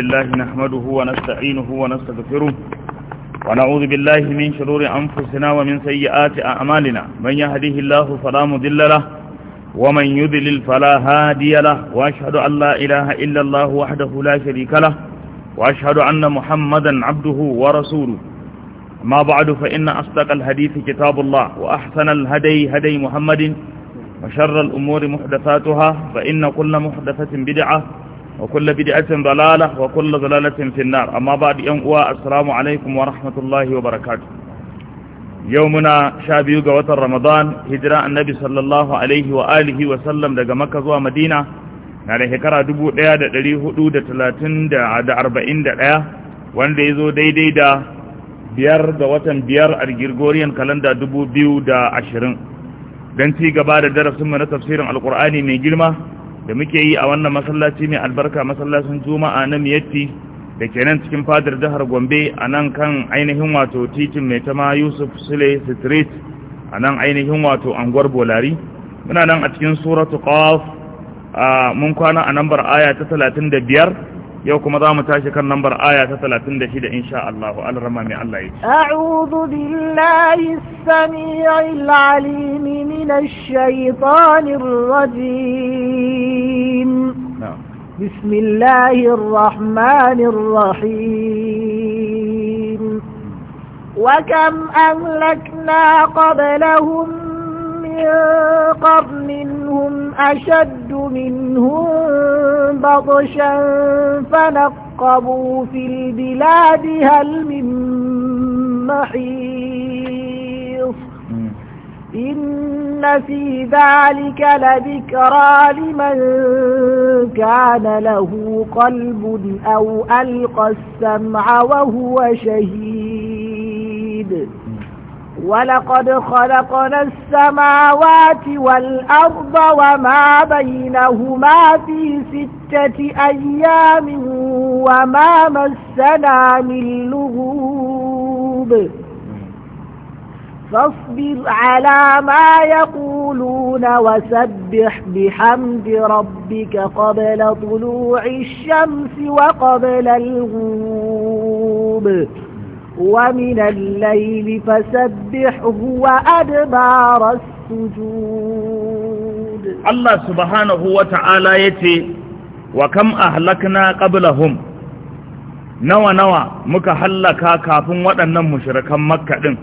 الله نحمده ونستعينه ونستغفره ونعوذ بالله من شرور أنفسنا ومن سيئات أعمالنا من يهديه الله فلا مضل له ومن يذلل فلا هادي له وأشهد أن لا إله إلا الله وحده لا شريك له وأشهد أن محمدا عبده ورسوله ما بعد فإن أصدق الحديث كتاب الله وأحسن الهدي هدي محمد وشر الأمور محدثاتها فإن كل محدثة بدعة wa kulla bid'atin dalala wa kulla dalalatin fi amma ba da yan uwa assalamu alaikum wa rahmatullahi wa barakatuh yawmuna 12 ga watan ramadan hijira annabi sallallahu alaihi wa alihi wa sallam daga makka zuwa madina na da da ɗaya wanda ya zo daidai da biyar da watan biyar a kalanda Gregorian calendar 2020 dan ci gaba da darasin mu na tafsirin alkur'ani mai girma da muke yi a wannan masallaci mai albarka masallacin juma'a na miyatti da ke nan cikin fadar jihar gombe a nan kan ainihin wato titin mai tama yusuf sule street a nan ainihin wato anguwar bolari muna nan a cikin suratu qaf mun kwana a nambar aya ta 35 yau kuma za mu tashi kan lambar aya ta 36 insha Allah wa alrama mai Allah yake a'udhu billahi as-sami'il 'alim minash shaitanir rajim bismillahir rahmanir rahim wa kam ahlakna qablahum min qarnin hum أشد منهم بطشا فنقبوا في البلاد هل من محيص إن في ذلك لذكرى لمن كان له قلب أو ألقى السمع وهو شهيد ولقد خلقنا السماوات والأرض وما بينهما في ستة أيام وما مسنا من لغوب فاصبر على ما يقولون وسبح بحمد ربك قبل طلوع الشمس وقبل الغروب ومن الليل فسبحه وأدبار السجود الله سبحانه وتعالى يتي وكم أهلكنا قبلهم نوى نوى مكحلكا كافن ودنا مشركا مكة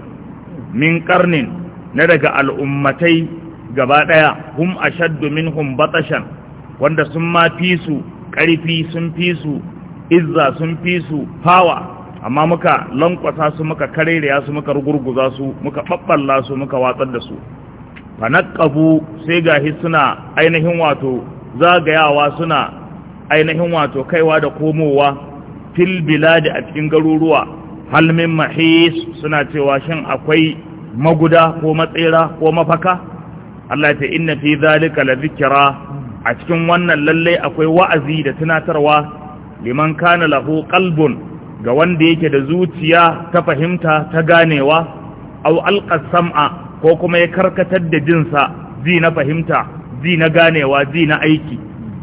من قرن ندق الأمتي قبادايا هم أشد منهم بطشا wanda sun ma fi su ƙarfi إذا fi su izza amma muka lankwasa su muka ya su muka rugurguza su muka babballa su muka watsar da su fanaqabu sai gahi suna ainihin wato zagayawa suna ainihin wato kaiwa da komowa fil da a cikin garuruwa halmin mahis suna cewa shin akwai maguda ko matsira ko mafaka Allah ta inna fi zalika la zikra a cikin wannan lallai akwai wa'azi da tunatarwa liman kana lahu qalbun ga wanda yake da zuciya ta fahimta ta ganewa au sam'a ko kuma ya karkatar da jinsa ji na fahimta ji na ganewa ji na aiki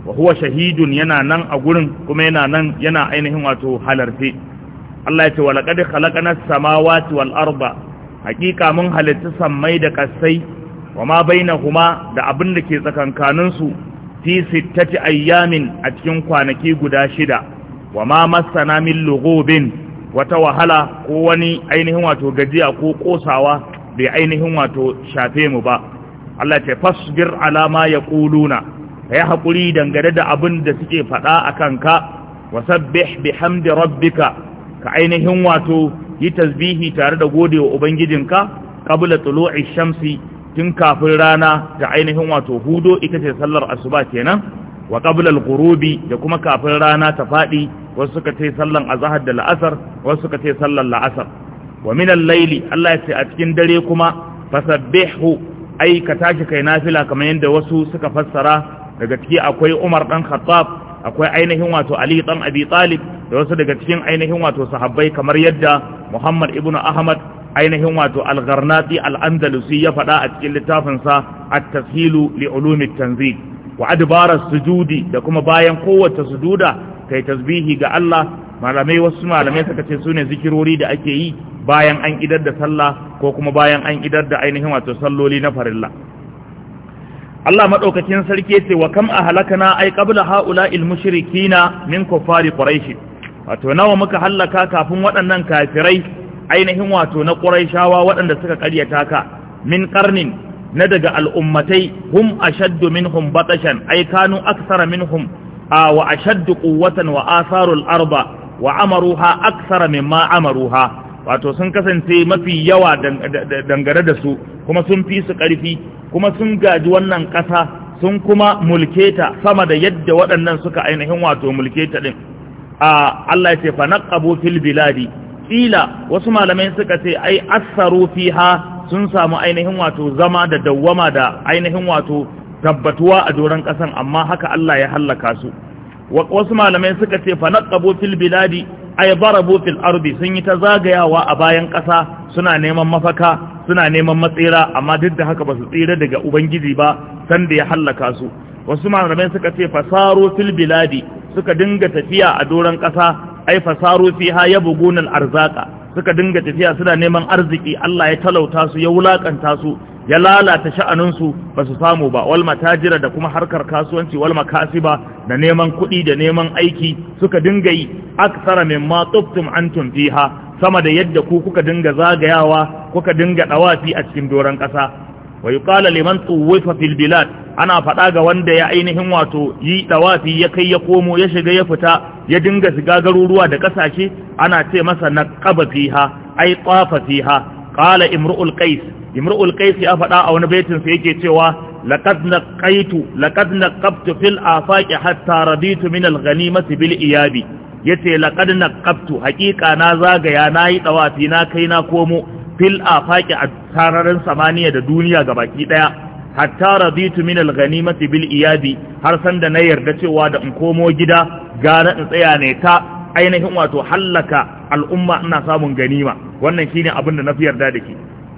wa huwa shahidun yana nan a gurin kuma yana nan yana ainihin wato halarfe Allah ya ce walaqad khalaqna samawati wal arda haqiqa mun halitta samai da kasai wama huma da abin da ke tsakankanin su fi sittati ayyamin a cikin kwanaki guda shida wa ma masana min lughubin wata wahala ko wani ainihin wato gajiya ko kosawa bai ainihin wato shafe mu ba Allah ce fasbir ala ma yaquluna ya hakuri dangane da abin da suke faɗa akan ka wasabbih bihamdi rabbika ka ainihin wato yi tasbihi tare da godewa ubangijinka qabla tulu'i shamsi tun kafin rana da ainihin wato hudo ita ce sallar asuba kenan wa qabla al-ghurubi da kuma kafin rana ta fadi wasu ka ce sallan azahar da la'asar wasu ka ce sallan la'asar wa minan al-layli Allah ya ce a cikin dare kuma fasabbihu ai ka tashi kai nafila kamar yadda wasu suka fassara daga ciki akwai Umar dan Khattab akwai ainihin wato Ali dan Abi Talib da wasu daga cikin ainihin wato sahabbai kamar yadda Muhammad ibnu Ahmad ainihin wato al-Gharnati al-Andalusi ya faɗa a cikin littafinsa at-Tashilu li ulumi tanzil wa adbara sujudi da kuma bayan kowace sujuda kai tasbihi ga Allah malamai wasu malamai suka ce sune zikirori da ake yi bayan an idar da sallah ko kuma bayan an idar da ainihin wato salloli na farilla Allah maɗaukacin sarki ce wa kam ahlakana ay qabla haula'il mushrikina min kuffari quraish wato nawa muka hallaka kafin waɗannan kafirai ainihin wato na quraishawa waɗanda suka ƙaryata ka min qarnin na daga al'ummatai hum ashaddu minhum batashan ay kanu aksara minhum wa ashaddu quwwatan wa atharul arba wa amaruha aksara mimma amaruha wato sun kasance mafi yawa dangare da su kuma sun fi su ƙarfi kuma sun gaji wannan ƙasa sun kuma mulketa sama da yadda waɗannan suka ainihin wato mulketa ɗin a Allah ya ce fa naqabu fil biladi ila wasu malamai suka ce ai asaru fiha sun samu ainihin wato zama da dawwama da ainihin wato tabbatuwa a doron kasan amma haka Allah ya hallaka su wasu malamai suka ce fa naqabu fil biladi ay darabu fil ardi sun yi ta zagayawa a bayan ƙasa suna neman mafaka suna neman matsira amma duk da haka basu tsira daga ubangiji ba san da ya hallaka su wasu malamai suka ce fasaru fil biladi suka dinga tafiya a doron ƙasa ai fasaru fiha yabghuna al arzaka suka dinga tafiya suna neman arziki Allah ya talauta su ya wulakanta su ya lalata sha'aninsu ba su samu ba walma tajira da kuma harkar kasuwanci wal ba da neman kuɗi da neman aiki suka dinga yi aksara ma tuftum antum fiha sama da yadda ku kuka dinga zagayawa kuka dinga ɗawafi a cikin doron ƙasa wa yuqala liman tuwifa fil ana faɗa ga wanda ya ainihin wato yi ɗawafi ya kai ya komo ya shiga ya fita ya dinga shiga garuruwa da ƙasashe ana ce masa naqaba fiha ai qafa fiha qala imru'ul qais imru'ul qais ya faɗa a wani baitin sa yake cewa laqad naqaitu laqad naqabtu fil afaqi hatta raditu min al ghanimati bil iyabi yace laqad naqabtu haqiqa na zagaya nayi dawafi na kai na komo fil afaqi a sararin samaniya da duniya gabaki daya hatta raditu min al-ghanimati bil iyabi har san da na yarda cewa da in komo gida gara in tsaya ne ta ainihin wato hallaka al'umma ina samun ganima wannan shine abin da na fi yarda da ke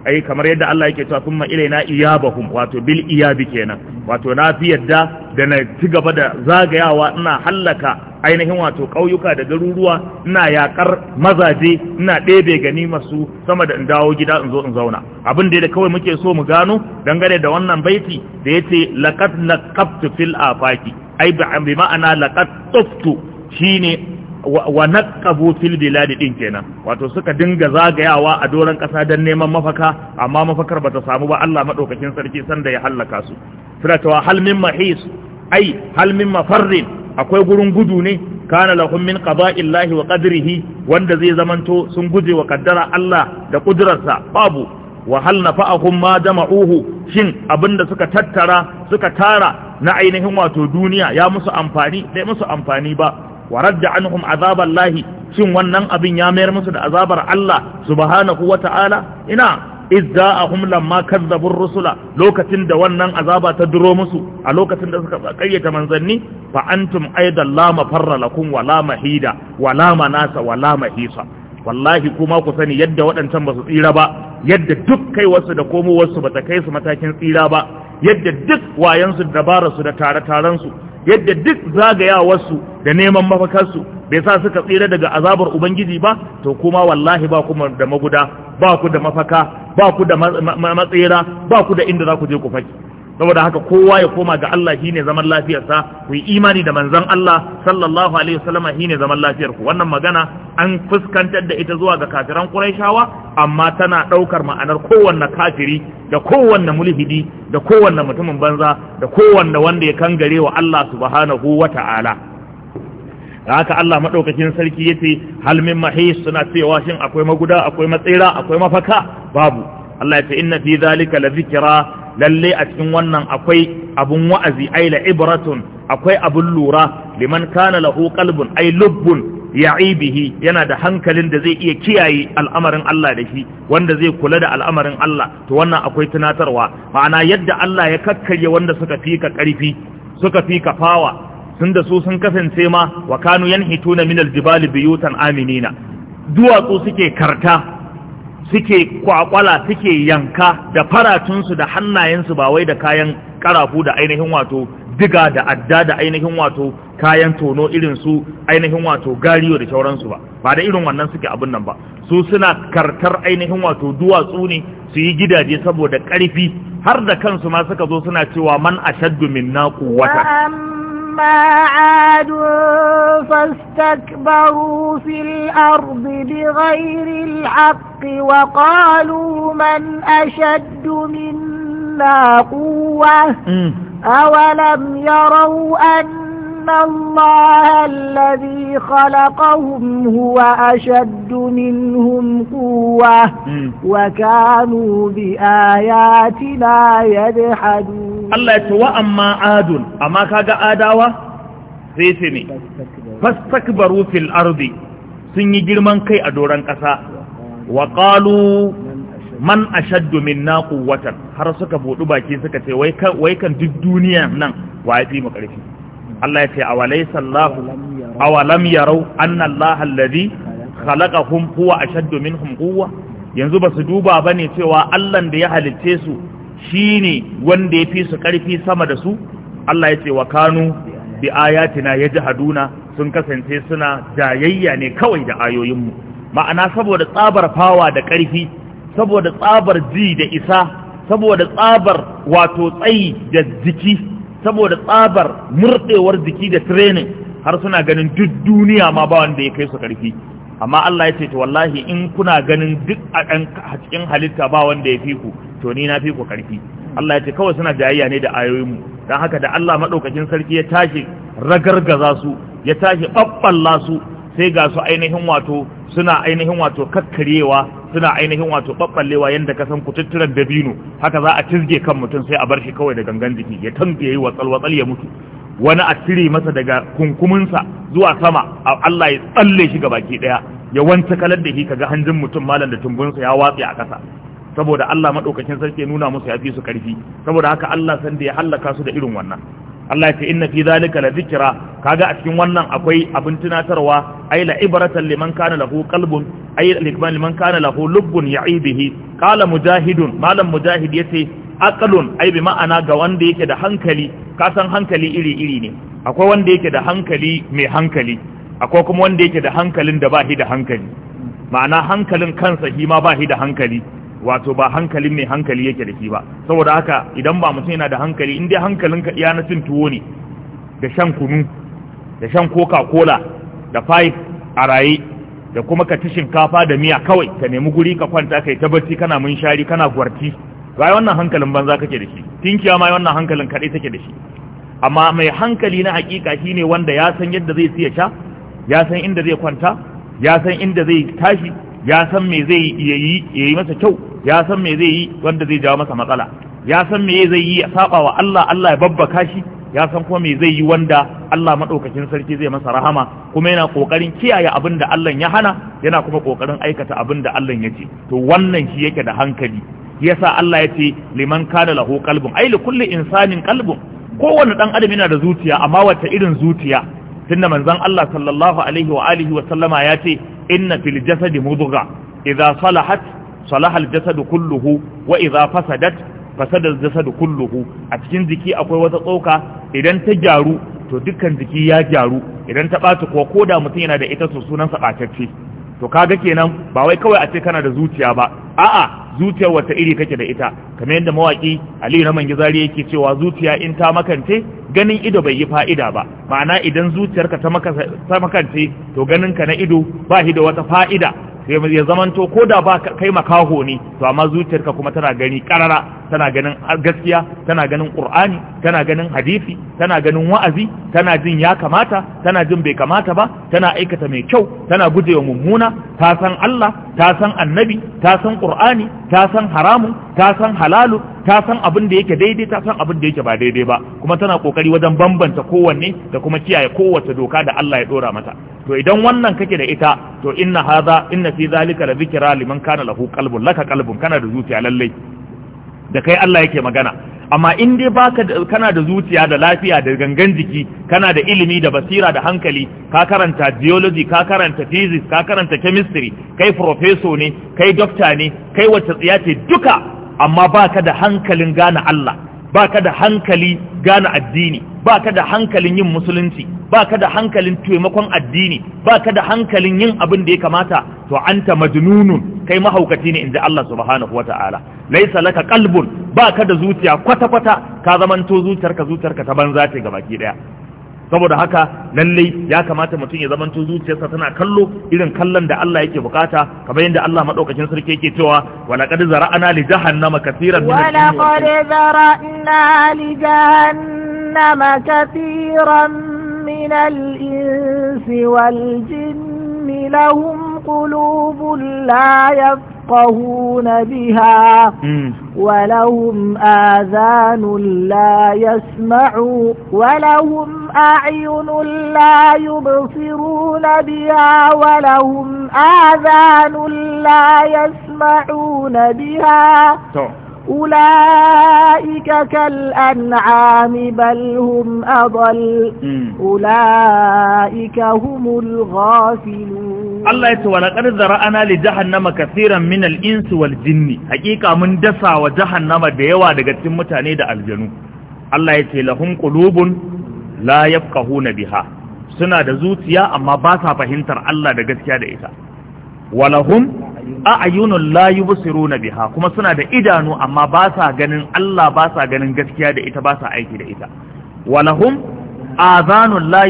ai kamar yadda Allah yake cewa kuma na iyabahum wato bil iyabi kenan wato na fi yarda da na ci gaba da zagayawa ina hallaka ainihin wato ƙauyuka da garuruwa ina yakar mazaje ina ɗebe ganima su sama da in dawo gida in zo in zauna abin da kawai muke so mu gano dangane da wannan baiti da yace laqad laqabtu fil afaki ai bi ma'ana laqad tuftu shine wa naqabu fil bilad din kenan wato suka dinga zagayawa a doran kasa dan neman mafaka amma mafakar bata samu ba Allah madaukakin sarki sanda ya halaka su suna hal min mahis ai hal min mafarrin akwai gurin gudu ne kana lahum min qada'illahi wa qadrihi wanda zai zamanto sun guje wa kaddara Allah da kudrarsa babu wa hal nafa'ahum ma jama'uhu shin abinda suka tattara suka tara na ainihin wato duniya ya musu amfani dai musu amfani ba wa radda anhum azabar lahi shin wannan abin ya mayar musu da azabar Allah subhanahu wa ta'ala ina izza a humlan ma kazzabun rusula lokacin da wannan azaba ta duro musu a lokacin da suka kayyata manzanni fa antum aidan la mafarra lakum wa la mahida wa la manasa wa wallahi kuma ku sani yadda waɗancan ba su tsira ba yadda duk kai wasu da komowarsu ba ta kai su matakin tsira ba yadda duk wayansu da dabararsu da tare-tarensu yadda duk zagayawarsu da neman mafakarsu bai sa suka tsira daga azabar ubangiji ba to kuma wallahi ba kuma da maguda ba ku da mafaka ba ku da matsira ba ku da inda za ku je ku faki saboda haka kowa ya koma ga Allah shine zaman lafiyarsa ku yi imani da manzon Allah sallallahu alaihi wasallama shine zaman lafiyar ku wannan magana an fuskantar da ita zuwa ga kafiran Quraishawa amma tana daukar ma'anar kowanne kafiri da kowanne mulhidi da kowanne mutumin banza da kowanne wanda ya kangare wa Allah subhanahu wata'ala haka Allah madaukakin sarki yace hal min mahis suna cewa shin akwai maguda akwai matsira akwai mafaka babu Allah ya ce inna fi zalika la zikra lalle a cikin wannan akwai abun wa'azi ai la ibratun akwai abun lura liman kana lahu qalbun ay lubbun ya'ibihi yana da hankalin da zai iya kiyaye al'amarin Allah da shi wanda zai kula da al'amarin Allah to wannan akwai tunatarwa ma'ana yadda Allah ya kakkarye wanda suka fika karfi suka ka fawa sun da su sun kasance ma wa kanu yanhituna min aljibali biyutan aminina duwatsu suke karta suke kwakwala suke yanka da faratunsu da hannayensu ba wai da kayan karafu da ainihin wato diga da adda da ainihin wato kayan tono irin su ainihin wato gariyo da shauransu ba ba da irin wannan suke abin nan ba su suna kartar ainihin wato duwatsu ne su yi gidaje saboda karfi har da kansu ma suka zo suna cewa man ashaddu minna quwwatan أما عاد فاستكبروا في الأرض بغير الحق وقالوا من أشد منا قوة أولم يروا أن الله الذي خلقهم هو أشد منهم قوة وكانوا بآياتنا يجحدون Allah ya ce wa amma adun amma kaga adawa sai ce ne fastakbaru fil ardi sun yi girman kai a doron ƙasa wa qalu man ashaddu minna quwwatan har suka budu baki suka ce wai kan wai kan duk duniya nan wa yafi mu karfi Allah ya ce awalaysa Allahu awalam yarau anna Allah alladhi khalaqahum huwa ashaddu minhum quwwa yanzu basu duba bane cewa Allah da ya halicce su Shi ne wanda ya fi su ƙarfi sama da su Allah ya ce wa kanu bi ayatina Haduna. sun kasance suna jayayya ne kawai da ayoyinmu ma'ana saboda tsabar fawa da ƙarfi, saboda tsabar ji da isa saboda tsabar wato tsayi da jiki saboda tsabar murɗewar jiki da training har suna ganin duk duniya ma ba wanda ya kai su ƙarfi. amma Allah ya ce to wallahi in kuna ganin duk a ɗan cikin halitta ba wanda ya fi ku to ni na fi ku karfi Allah ya ce kawai suna jayayya ne da mu dan haka da Allah madaukakin sarki ya tashi ragargaza su ya tashi babballa su sai ga su ainihin wato suna ainihin wato kakkarewa suna ainihin wato babballewa yadda ka san kututturan dabino haka za a cizge kan mutum sai a bar shi kawai da gangan jiki ya tambaye watsal watsal ya mutu wani a cire masa daga kunkuminsa zuwa sama a Allah ya tsalle shi ga baki ɗaya, ya wanta kalar da shi ga hanjin mutum malam da tumbunsa ya watsi a ƙasa, saboda Allah madaukakin sarki ya nuna musu ya fi su ƙarfi, saboda haka Allah san da ya hallaka su da irin wannan Allah ce inna fi zalika la zikra kaga a cikin wannan akwai abin tunatarwa ay la ibratan liman kana lahu qalbun ay likman liman kana lahu lubbun ya'ibihi qala mujahidun malam mujahid yace aqlun ay bi ma'ana ga wanda yake da hankali ka san hankali iri iri ne akwai wanda yake da hankali mai hankali akwai kuma wanda yake da hankalin da ba shi da hankali ma'ana hankalin kansa shi ma ba shi da hankali wato ba hankalin mai hankali yake da shi ba saboda haka idan ba mutum yana da hankali in dai hankalinka iya na cin tuwo ne da shan kunu da shan coca cola da fayif a raye da kuma ka ci shinkafa da miya kawai ka nemi guri ka kwanta kai ta barci kana shari kana gwarti ba wannan hankalin banza kake da shi tinkiya ma wannan hankalin kadai take da shi amma mai hankali na hakika shine wanda ya san yadda zai siya sha ya san inda zai kwanta ya san inda zai tashi ya san me zai yi yayi masa kyau ya san me zai yi wanda zai jawo masa matsala ya san me zai yi a saba wa Allah Allah ya babbaka shi ya san kuma me zai yi wanda Allah madaukakin sarki zai masa rahama kuma yana kokarin kiyaye abin da Allah ya hana yana kuma kokarin aikata abin da Allah ya ce to wannan shi yake da hankali yasa Allah ya ce liman kana lahu qalbun ay li kulli insanin qalbun kowanne dan adam yana da zuciya amma wata irin zuciya tunda manzon Allah sallallahu alaihi wa alihi wa sallama ya ce inna fil jasadi mudugha Iza salahat salaha al jasadu kulluhu wa idza fasadat fasada al jasadu kulluhu a cikin jiki akwai wata tsoka idan ta gyaru to dukkan jiki ya gyaru idan ta ɓaci ko koda mutum yana da ita to sunan sa ɓatacce to kaga kenan ba wai kawai a ce kana da zuciya ba a'a zuciyar wata iri kake da ita kamar yadda mawaki Aliyu na Mangizari yake cewa zuciya in ta makance ganin ido bai yi fa'ida ba ma'ana idan zuciyarka ta makance to ganin ka na ido ba shi da wata fa'ida ya zamanto ko da ba kai makaho ne to amma zuciyarka kuma tana gani karara tana ganin gaskiya tana ganin qur'ani tana ganin hadisi tana ganin wa'azi tana jin ya kamata tana jin bai kamata ba tana aikata mai kyau tana gujewa mummuna ta san Allah ta san annabi ta san qur'ani ta san haramun ta san halalu ta san abin da yake daidai ta san abin da yake ba daidai ba kuma tana kokari wajen bambanta kowanne da kuma kiyaye kowace doka da Allah ya dora mata to idan wannan kake da ita to inna hadha inna fi zalika la zikra liman kana lahu qalbun laka qalbun kana da zuciya lalle da kai Allah yake magana amma in dai baka kana da zuciya da lafiya da gangan jiki kana da ilimi da basira da hankali ka karanta biology ka karanta physics ka karanta chemistry kai professor ne kai doctor ne kai wacce tsiya ce duka amma ba ka da hankalin gane Allah ka da hankali gane addini ka da hankalin yin musulunci baka da hankalin taimakon addini baka da hankalin yin abin da ya kamata to anta majnunun kai mahaukaci ne inda Allah subhanahu wataala laisa laka ba ka da zuciya kwata kwata ka zamanto zuciyarka zuciyarka ta banza ce baki daya saboda haka lallai ya kamata mutum ya zamanto zuciyarsa tana kallo irin kallon da Allah yake bukata kamar yadda Allah madaukakin sarki yake cewa wala qad zara'na li jahannama kaseeran min wala qad zara'na li jahannama kaseeran min al-insi wal jinni lahum qulubun la يفقهون بها ولهم آذان لا يسمعوا ولهم أعين لا يبصرون بها ولهم آذان لا يسمعون بها أولئك كالأنعام بل هم أضل أولئك هم الغافلون الله يتوى لقد ذرأنا لجهنم كثيرا من الإنس والجن حقيقة من دسع وجهنم ديوى دقت متاني دا الجنو الله يتوى لهم قلوب لا يفقهون بها suna da zuciya amma ba sa fahimtar Allah da gaskiya da ita walahum layu busiru na biha kuma suna da idanu amma ba sa ganin Allah ba sa ganin gaskiya da ita ba sa aiki da ita walahum azanul la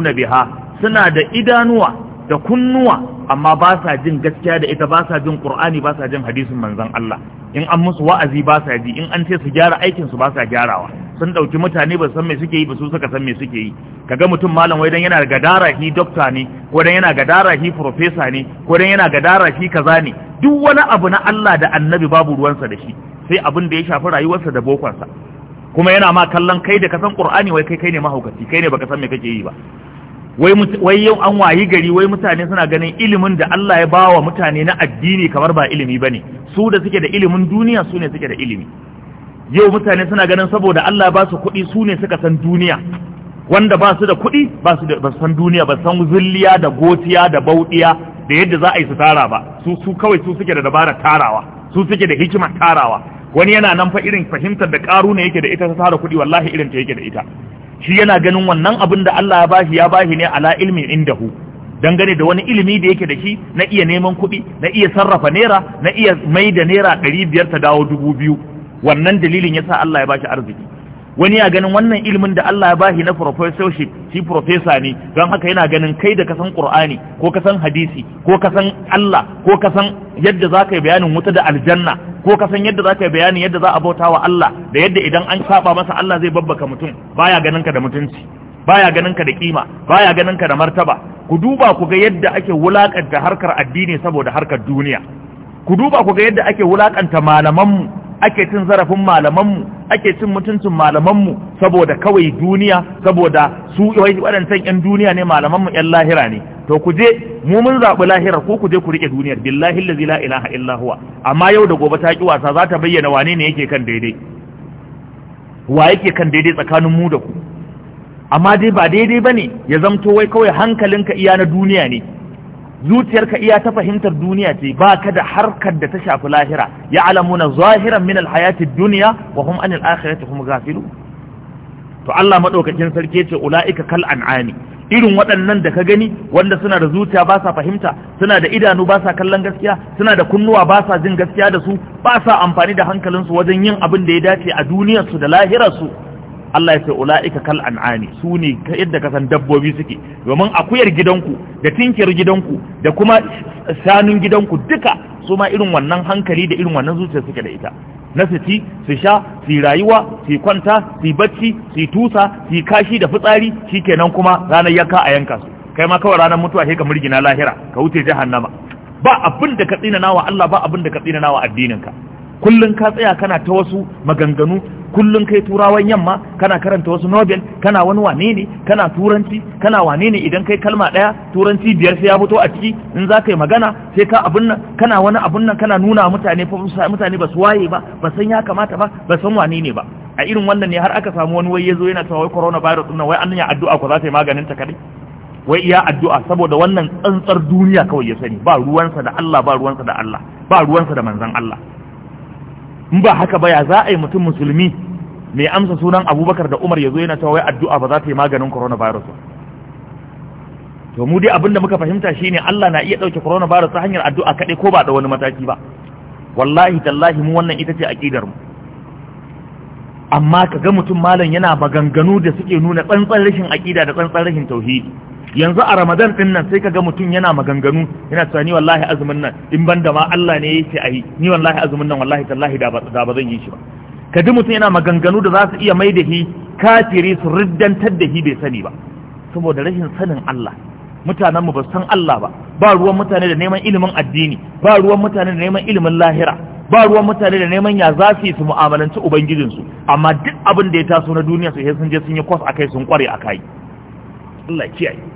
na biha suna da idanuwa da kunnuwa amma ba sa jin gaskiya da ita ba sa jin qur'ani ba sa jin hadisin manzon Allah in an musu wa'azi ba sa ji in an ce su gyara aikin su ba sa gyarawa sun dauki mutane ba san me suke yi ba su suka san me suke yi kaga mutum malam wai dan yana gadara shi doctor ne ko dan yana gadara shi professor ne ko dan yana gadara shi kaza ne duk wani abu na Allah da annabi babu ruwansa da shi sai abin da ya shafi rayuwarsa da bokonsa kuma yana ma kallon kai da kasan qur'ani wai kai kai ne mahaukaci kai ne baka san me kake yi ba wai yau an wayi gari wai mutane suna ganin ilimin da Allah ya bawa mutane na addini kamar ba ilimi bane su da suke da ilimin duniya su ne suke da ilimi yau mutane suna ganin saboda Allah ba su kuɗi su ne suka san duniya wanda ba su da kuɗi ba su da san duniya ba san zulliya da gotiya da bauɗiya da yadda za a yi su tara ba su su kawai su suke da dabarar tarawa su suke da hikimar tarawa wani yana nan fa irin fahimtar da ƙaru ne yake da ita ta tara kuɗi wallahi irin ta yake da ita shi yana ganin wannan abin da Allah ya bashi ya bashi ne ala ilmin indahu dangane da wani ilimi da yake da shi na iya neman kuɗi na iya sarrafa naira na iya mai da naira ɗari biyar ta dawo dubu biyu wannan dalilin yasa Allah ya bashi arziki wani ya ganin wannan ilimin da Allah ya bashi na professorship shi profesa ne don haka yana ganin kai da kasan Qur'ani ko kasan hadisi ko kasan Allah ko kasan yadda za ka yi bayanin wuta da aljanna ko kasan yadda za ka yi bayanin yadda za a bauta wa Allah da yadda idan an saba masa Allah zai babbaka mutum baya ganin ka da mutunci baya ganin ka da kima baya ganin ka da martaba ku duba ku ga yadda ake wulakanta harkar addini saboda harkar duniya ku duba ku ga yadda ake wulakanta malamanmu ake cin zarafin malamanmu ake cin mutuncin malamanmu saboda kawai duniya saboda su waɗancan 'yan duniya ne malamanmu 'yan lahira ne to ku je mu mun zaɓi lahira, ko ku je ku riƙe duniyar billahi lazi la ilaha illa huwa amma yau da gobe ta ƙi wasa za ta bayyana wane ne yake kan daidai wa yake kan daidai tsakanin mu da ku amma dai ba daidai bane ya zamto wai kawai hankalinka iya na duniya ne zuciyarka iya ta fahimtar duniya ce ba ka da harkar da ta shafi lahira ya alamuna zahiran min alhayatid duniya wa hum anil akhirati hum ghafilu to Allah madaukakin sarki ce ulaika kal an'ami irin waɗannan da ka gani wanda suna da zuciya ba sa fahimta suna da idanu ba sa kallon gaskiya suna da kunnuwa ba sa jin gaskiya da su ba sa amfani da hankalinsu wajen yin abin da ya dace a duniyarsu da lahirarsu Allah ya ce ula'ika kal an'ami su ne yadda ka san dabbobi suke domin akuyar gidanku da tinkiyar gidanku da kuma sanun gidanku duka su ma irin wannan hankali da irin wannan zuciya suke da ita na su ci su sha su rayuwa su kwanta su bacci su tusa su kashi da fitsari kenan kuma ranar yanka a yanka su kai ma kawai ranar mutuwa sai ka murgina lahira ka wuce jahannama ba abin da ka tsina nawa Allah ba abin da ka tsina nawa addininka kullun ka tsaya kana ta wasu maganganu kullun kai turawan yamma kana karanta wasu nobel kana wani wane ne kana turanci kana wane ne idan kai kalma daya turanci biyar sai ya fito a ciki in za ka yi magana sai ka abun nan kana wani abun nan kana nuna mutane mutane ba su waye ba ba san ya kamata ba ba san wane ne ba a irin wannan ne har aka samu wani wai yazo yana cewa wai coronavirus din nan wai annan ya addu'a ko za ta yi maganin ta kadai wai iya addu'a saboda wannan tsantsar duniya kawai ya sani ba ruwansa da Allah ba ruwansa da Allah ba ruwansa da manzon Allah in ba haka ba ya za a yi mutum musulmi mai amsa sunan abubakar da umar ya zo yana cewa wai addu'a ba za ta yi maganin coronavirus ba to mu dai abinda muka fahimta shine Allah na iya dauke coronavirus ta hanyar addu'a kaɗai ko ba da wani mataki ba wallahi tallahi mu wannan ita ce aqidar mu amma kaga mutum malam yana maganganu da suke nuna tsantsan rashin aqida da tsantsan rashin tauhidi yanzu a ramadan din nan sai kaga mutum yana maganganu yana cewa ni wallahi azumin nan in ban da ma Allah ne yake ayi ni wallahi azumin nan wallahi tallahi da ba da ba zan yi shi ba kaji mutum yana maganganu da za su iya mai da shi kafiri su riddantar da shi bai sani ba saboda rashin sanin Allah mutanen mu ba san Allah ba ba ruwan mutane da neman ilimin addini ba ruwan mutane da neman ilimin lahira ba ruwan mutane da neman ya za su mu'amalanci ubangijinsu amma duk abin da ya taso na duniya su sai sun je sun yi kwas akai sun kware akai Allah kiyaye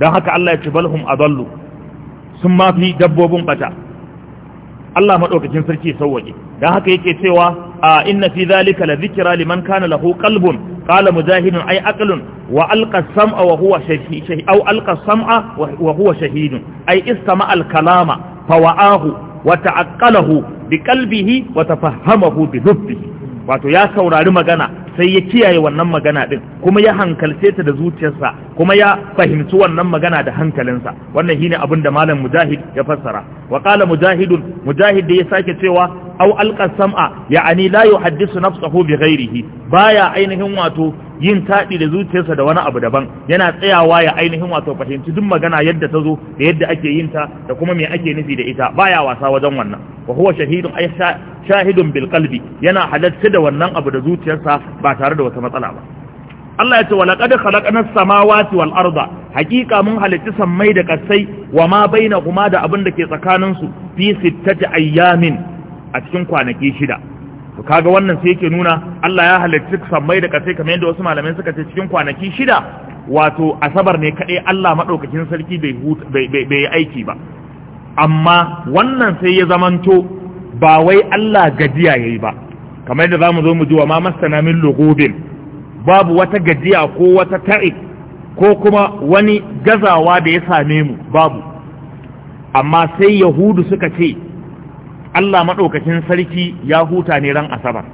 don haka Allah ya ci balhum adallu sun mafi dabbobin bata Allah maɗaukacin sarki sauwaje don haka yake cewa a inna fi zalika la zikira liman kana lahu qalbun qala mujahidun ay aqlun wa alqa sam'a wa huwa shahid aw alqa sam'a wa huwa shahid ay istama al kalama fawa'ahu wa ta'aqqalahu bi qalbihi wa tafahhamahu bi dhubbihi wato ya saurari magana sai ya kiyaye wannan magana din kuma ya hankalce ta da zuciyarsa kuma ya fahimci wannan magana da hankalinsa wannan shine abin da malam mujahid ya fassara wa qala mujahidun mujahid da ya sake cewa au alqa sam'a ya'ani la yuhaddisu nafsahu bi ghairihi baya ainihin wato yin taɗi da zuciyarsa da wani abu daban yana tsayawa ya ainihin wato fahimci duk magana yadda ta zo da yadda ake yin ta da kuma me ake nufi da ita baya wasa wajen wannan wa huwa shahidun ay shahidun bil qalbi yana halatta da wannan abu da zuciyarsa ba tare da wata matsala ba Allah ya ce qad khalaqna as-samawati wal arda haqiqa mun halitta sammai da kasai wa ma bainahuma da abin da ke tsakaninsu fi sittati ayyamin a cikin kwanaki shida to kaga wannan sai yake nuna Allah ya halitta sammai da kasai kamar yadda wasu malamai suka ce cikin kwanaki shida wato asabar ne kaɗai Allah maɗaukakin sarki bai yi aiki ba amma wannan sai ya zamanto ba wai Allah gajiya ya yi ba kamar yadda za mu zo mu ji wa ma masana min lugubin babu wata gajiya ko wata ta'i ko kuma wani gazawa da ya same mu babu amma sai yahudu suka ce Allah maɗaukacin sarki ya huta ne ran asabar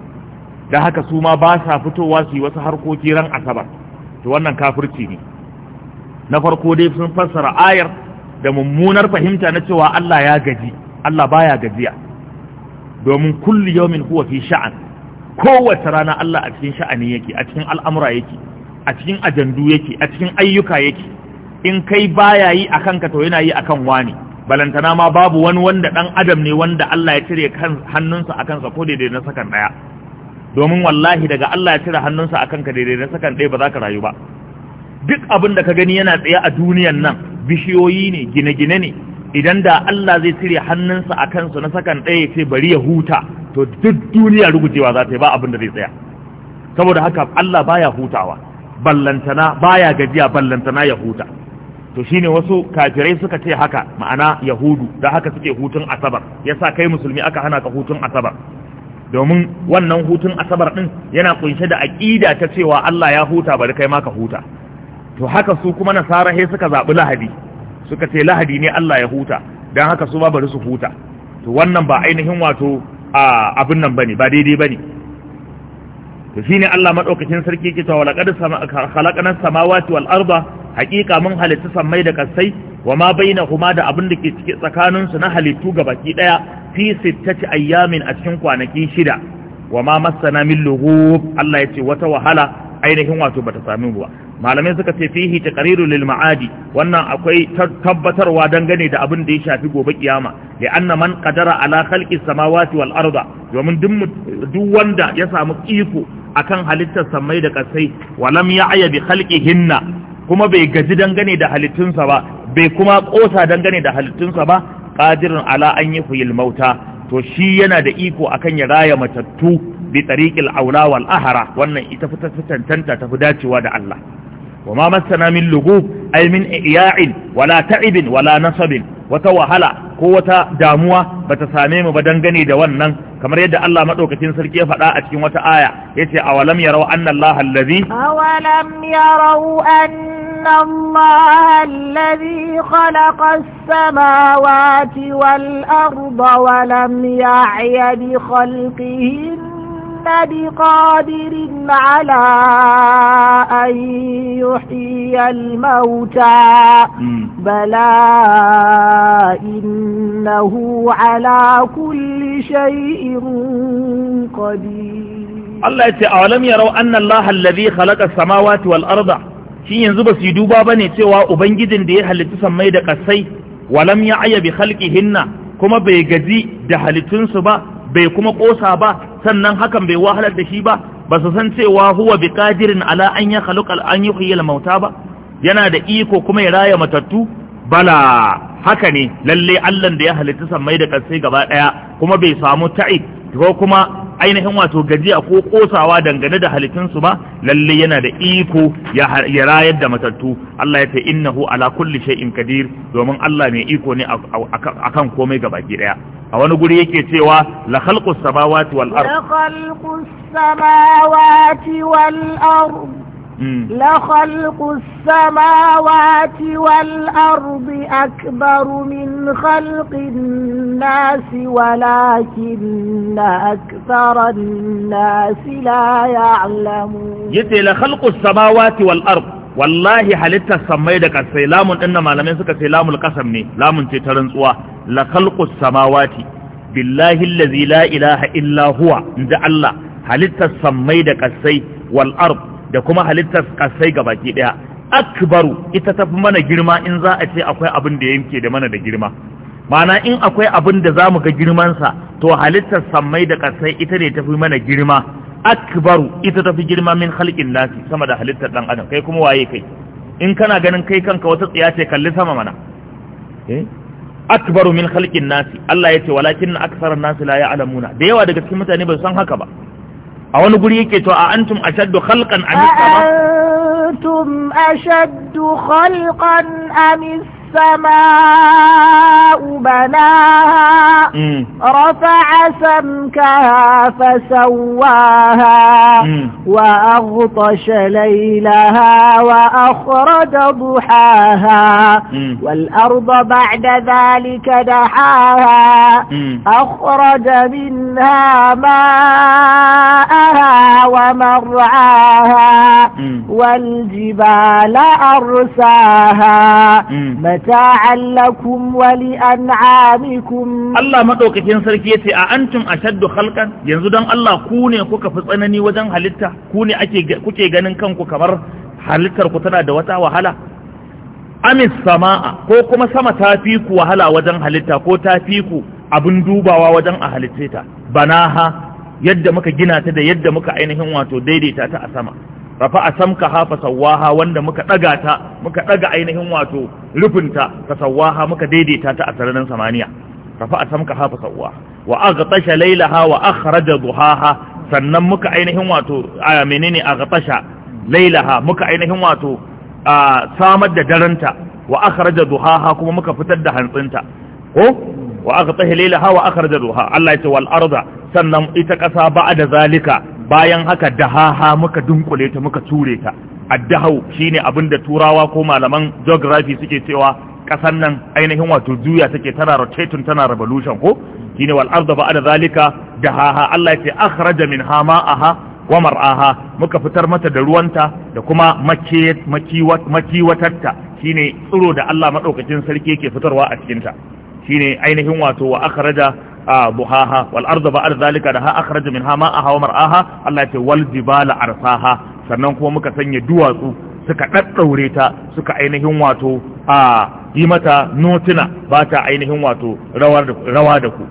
da haka su ma ba sa fitowa su yi wasu harkoki ran asabar to wannan kafirci ne na farko dai sun fassara ayar da mummunar fahimta na cewa Allah ya gaji Allah baya gajiya domin kulli yawmin huwa fi sha'an kowace rana Allah a cikin sha'ani yake a cikin al'amura yake a cikin ajandu yake a cikin ayyuka yake in kai baya yi akan ka to yana yi akan wani balantana ma babu wani wanda dan adam ne wanda Allah ya cire kan hannunsa akan sa ko daidai na sakan daya domin wallahi daga Allah ya cire hannunsa akan ka daidai na sakan daya ba za ka rayu ba duk abin da ka gani yana tsaye a duniyan nan bishiyoyi ne gine-gine ne idan da Allah zai cire hannunsa akan su na sakan daya ya ce bari ya huta to duk duniya rugujewa za ta yi ba abin da zai tsaya saboda haka Allah baya hutawa ballantana baya gajiya ballantana ya huta to shine wasu kafirai suka ce haka ma'ana yahudu da haka suke hutun asabar yasa kai musulmi aka hana ka hutun asabar domin wannan hutun asabar din yana kunshe da aqida ta cewa Allah ya huta bari kai ma ka huta to haka su kuma nasara he suka zabi lahadi suka ce lahadi ne Allah ya huta dan haka su ba bari su huta to wannan ba ainihin wato abin nan bane ba daidai bane to shine Allah madaukakin sarki kitawa cewa laqad khalaqna samawati wal arda haƙiƙa mun halitta sammai da kasai wa ma bainahuma da abin da ke cike tsakanin su na halittu gabaki daya fi sittati ayyamin a cikin kwanaki shida wa ma massana min lughub Allah ce wata wahala ainihin wato bata sami ba malamai suka ce fihi taqriru lil ma'adi wannan akwai tabbatarwa dangane da abin da ya shafi gobe kiyama li anna man qadara ala khalqis samawati wal arda domin duk wanda ya samu iko akan halittar sammai da kasai wa lam ya'ya bi khalqihinna kuma bai gaji dangane da halittunsa ba bai kuma kosa dangane da halittunsa ba qadirun ala an yuhyil mauta to shi yana da iko akan ya raya matattu bi tariqil aula wal ahara wannan ita fita ta tafi dacewa da Allah iya'in wala من wala أي wata wahala ko wata damuwa bata same mu ba dangane da wannan. kamar yadda Allah madaukakin sarki ya faɗa a cikin wata aya yace awalam yarau anna Allah allazi awalam yarau anna Allah allazi khalaqa as-samawati wal arda wa lam ya'ya bi khalqihin ala على أن al-mauta bala innahu ala kulli شيء Allah ya ce a walam yarau anna Allah allazi khalaqa samawati wal arda shi yanzu ba su duba bane cewa ubangijin da ya halitta sammai da kasai walam ya'ya bi khalqihinna kuma bai gaji da halittun su ba bai kuma kosa ba sannan hakan bai wahalar da shi ba ba su san cewa huwa bi qadirin ala an ya khaluqa an yuhyi al mauta ba yana da iko kuma ya raya matattu bala haka ne lalle allan da ya halitta sammai da kasai gaba daya kuma bai samu ta'i ko kuma ainihin wato gajiya ko kosawa dangane da halittunsu ba lalle yana da iko ya rayar da matattu Allah ya ce innahu ala kulli shay'in kadir domin Allah mai iko ne akan komai gabaki daya a wani guri yake cewa la khalqus samawati wal ard la khalqus samawati wal ard لخلق السماوات والأرض أكبر من خلق الناس ولكن أكثر الناس لا يعلمون يتي لخلق السماوات والأرض والله حلتا سمي دك السلام إنما لم يسك سلام القسم ني لام تترنسوا لخلق السماوات بالله الذي لا إله إلا هو عند الله حلتا سمي دك السي والأرض da kuma halittar kasai baki daya akbaru ita ta fi mana girma in za a ce akwai abin da yake da mana da girma mana in akwai abin da za mu ga girman sa to halittar sammai da kasai ita ne tafi mana girma akbaru ita ta fi girma min khalqin nasi sama da halittar dan adam kai kuma waye kai in kana ganin kai kanka wata tsiya ce kalli sama mana eh akbaru min khalqin nasi Allah yace walakin aktharan nasi la ya'lamuna da yawa daga cikin mutane ba san haka ba a wani guri yake to a antum ashaddu khalqan am as-sama antum ashaddu khalqan am as السماء بناها رفع سمكها فسواها وأغطش ليلها وأخرج ضحاها والأرض بعد ذلك دحاها أخرج منها ماءها ومرعاها والجبال أرساها mata'an lakum an li'an'amikum Allah maɗaukakin sarki yace a antum ashaddu halkan, yanzu dan Allah ku ne kuka fi tsanani wajen halitta ku ne ake kuke ganin kanku kamar halittar ku tana da wata wahala amis samaa ko kuma sama ta fi ku wahala wajen halitta ko ta fi ku abin dubawa wajen a halitta banaha yadda muka gina ta da yadda muka ainihin wato daidaita ta a sama rafa a samka hafa sawaha wanda muka ɗaga ta muka ɗaga ainihin wato rufinta ta sawaha muka daidaita ta a sararin samaniya rafa a samka hafa sawaha wa aghtasha lailaha wa akhraja duhaha sannan muka ainihin wato a menene aghtasha lailaha muka ainihin wato samar da daranta wa akhraja duhaha kuma muka fitar da hantsinta ko wa aghtasha lailaha wa akhraja duhaha Allah ya ce wal arda sannan ita kasa da zalika bayan haka dahaha muka dunkule ta muka ture ta addahau shine abin da turawa ko malaman geography suke cewa kasan nan ainihin wato juya take tana rotation tana revolution ko shine wal ardu ba'da zalika dahaha Allah ya ce akhraja minha aha wa mar'aha muka fitar mata da ruwanta da kuma makiwatarta shine tsiro da Allah madaukakin sarki yake fitarwa a cikin ta shine ainihin wato wa akhraja buhaha wal arda ba'da zalika da ha akhraja minha ma'aha wa mar'aha Allah ce wal jibala arsaha sannan kuma muka sanya duwatsu suka daddaure ta suka ainihin wato a yi mata notuna ba ta ainihin wato rawa da ku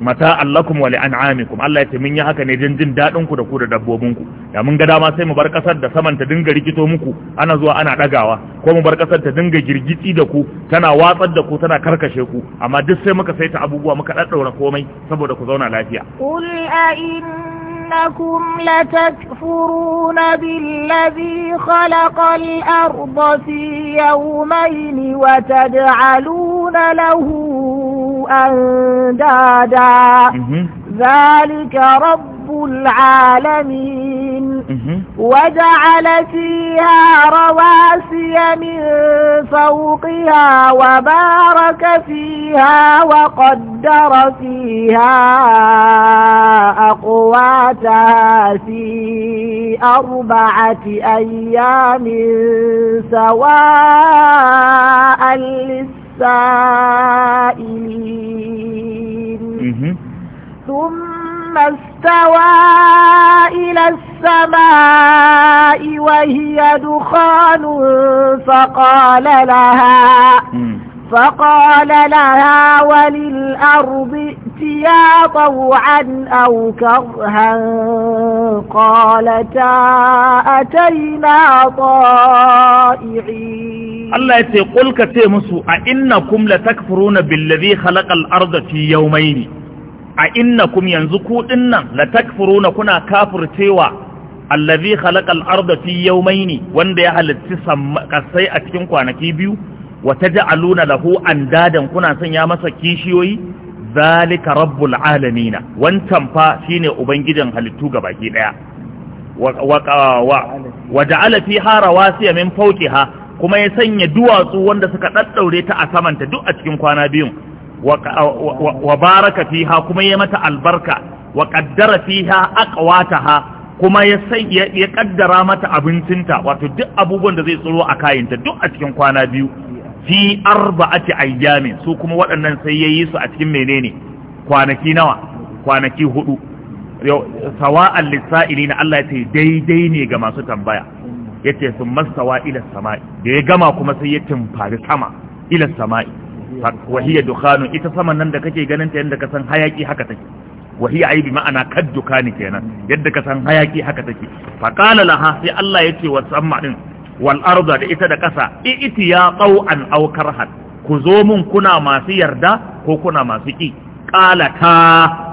mata allakum wa li'an'amikum Allah ya ce mun yi haka ne don jin dadin ku da ku da dabbobin ku da mun ga dama sai mu bar kasar da saman ta dinga rikito muku ana zuwa ana dagawa ko mu bar kasar ta dinga girgitsi da ku tana watsar da ku tana karkashe ku amma duk sai muka saita abubuwa muka daddaura komai saboda ku zauna lafiya أنكم لتكفرون بالذي خلق الأرض في يومين وتجعلون له أندادا ذلك رب العالمين وجعل فيها رواسي من فوقها وبارك فيها وقدر فيها أقواتها في أربعة أيام سواء للسائلين ثم استوى إلى السماء وهي دخان فقال لها فقال لها وللأرض ائتيا طوعا أو كرها قالتا أتينا طائعين الله يتي قل كتي مسو أئنكم لتكفرون بالذي خلق الأرض في يومين a inna kum yanzu ku nan la na kuna kafircewa allazi khalaqal arda fi yawmaini wanda ya halitta kasai a cikin kwanaki biyu wa taj'aluna lahu andadan kuna sanya masa kishiyoyi zalika rabbul alamin wancan fa shine ubangijin halittu gabaki daya wa wa wa ja'ala fiha rawasiya min fawqiha kuma ya sanya duwatsu wanda suka daddaure ta a samanta duk a cikin kwana biyun wa baraka fiha kuma ya mata albarka wa qaddara fiha aqwataha kuma ya sai ya kaddara mata abincinta wato duk abubuwan da zai tsiro a kayanta duk a cikin kwana biyu fi arba'ati ayyamin su kuma waɗannan sai yayi su a cikin menene kwanaki nawa kwanaki hudu sawa'an lisailina Allah ya ce daidai ne ga masu tambaya yace sun masawa ila sama'i da ya gama kuma sai ya timfari sama ila sama'i Wahiyya dukhanu ita saman nan da kake ganin ta yadda ka san hayaki haka take wahiya ai ma'ana kad dukani kenan yadda ka san hayaki haka take fa qala laha sai Allah yace wa sama din wal arda da ita da kasa iti ya qau'an aw karhat ku zo mun kuna masu yarda ko kuna masu ki qala ta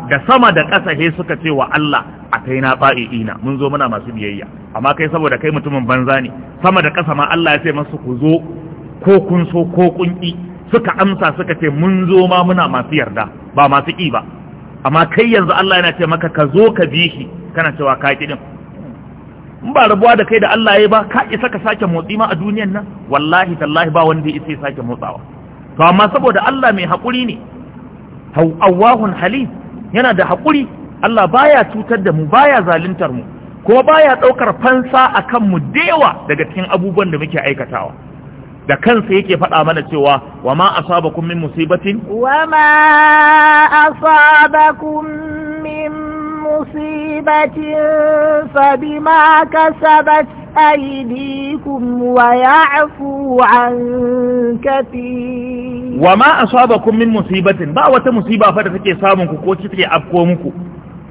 da sama da kasa he suka ce wa Allah a kai na ba'i'ina mun zo muna masu biyayya amma kai saboda kai mutumin banza ne sama da kasa ma Allah ya ce masu ku zo ko kun so ko kun ki suka amsa suka ce mun zo ma muna masu yarda ba masu ƙi ba amma kai yanzu Allah yana ce maka ka zo ka bi shi kana cewa ka ki din in ba rabuwa da kai da Allah ya ba ka isa ka sake motsi ma a duniyan nan wallahi tallahi ba wanda ya isa sake motsawa to amma saboda Allah mai haƙuri ne awwahun Hali yana da haƙuri Allah baya cutar da mu baya zaluntar mu kuma baya ɗaukar fansa akan mu dewa daga cikin abubuwan da muke aikatawa da kansa yake faɗa mana cewa wa ma asabakum min musibatin wa ma asabakum min musibatin fa bima kasabat aydikum wa ya'fu an kathir wa ma asabakum min musibatin ba wata musiba fa da take samun ku ko take afko muku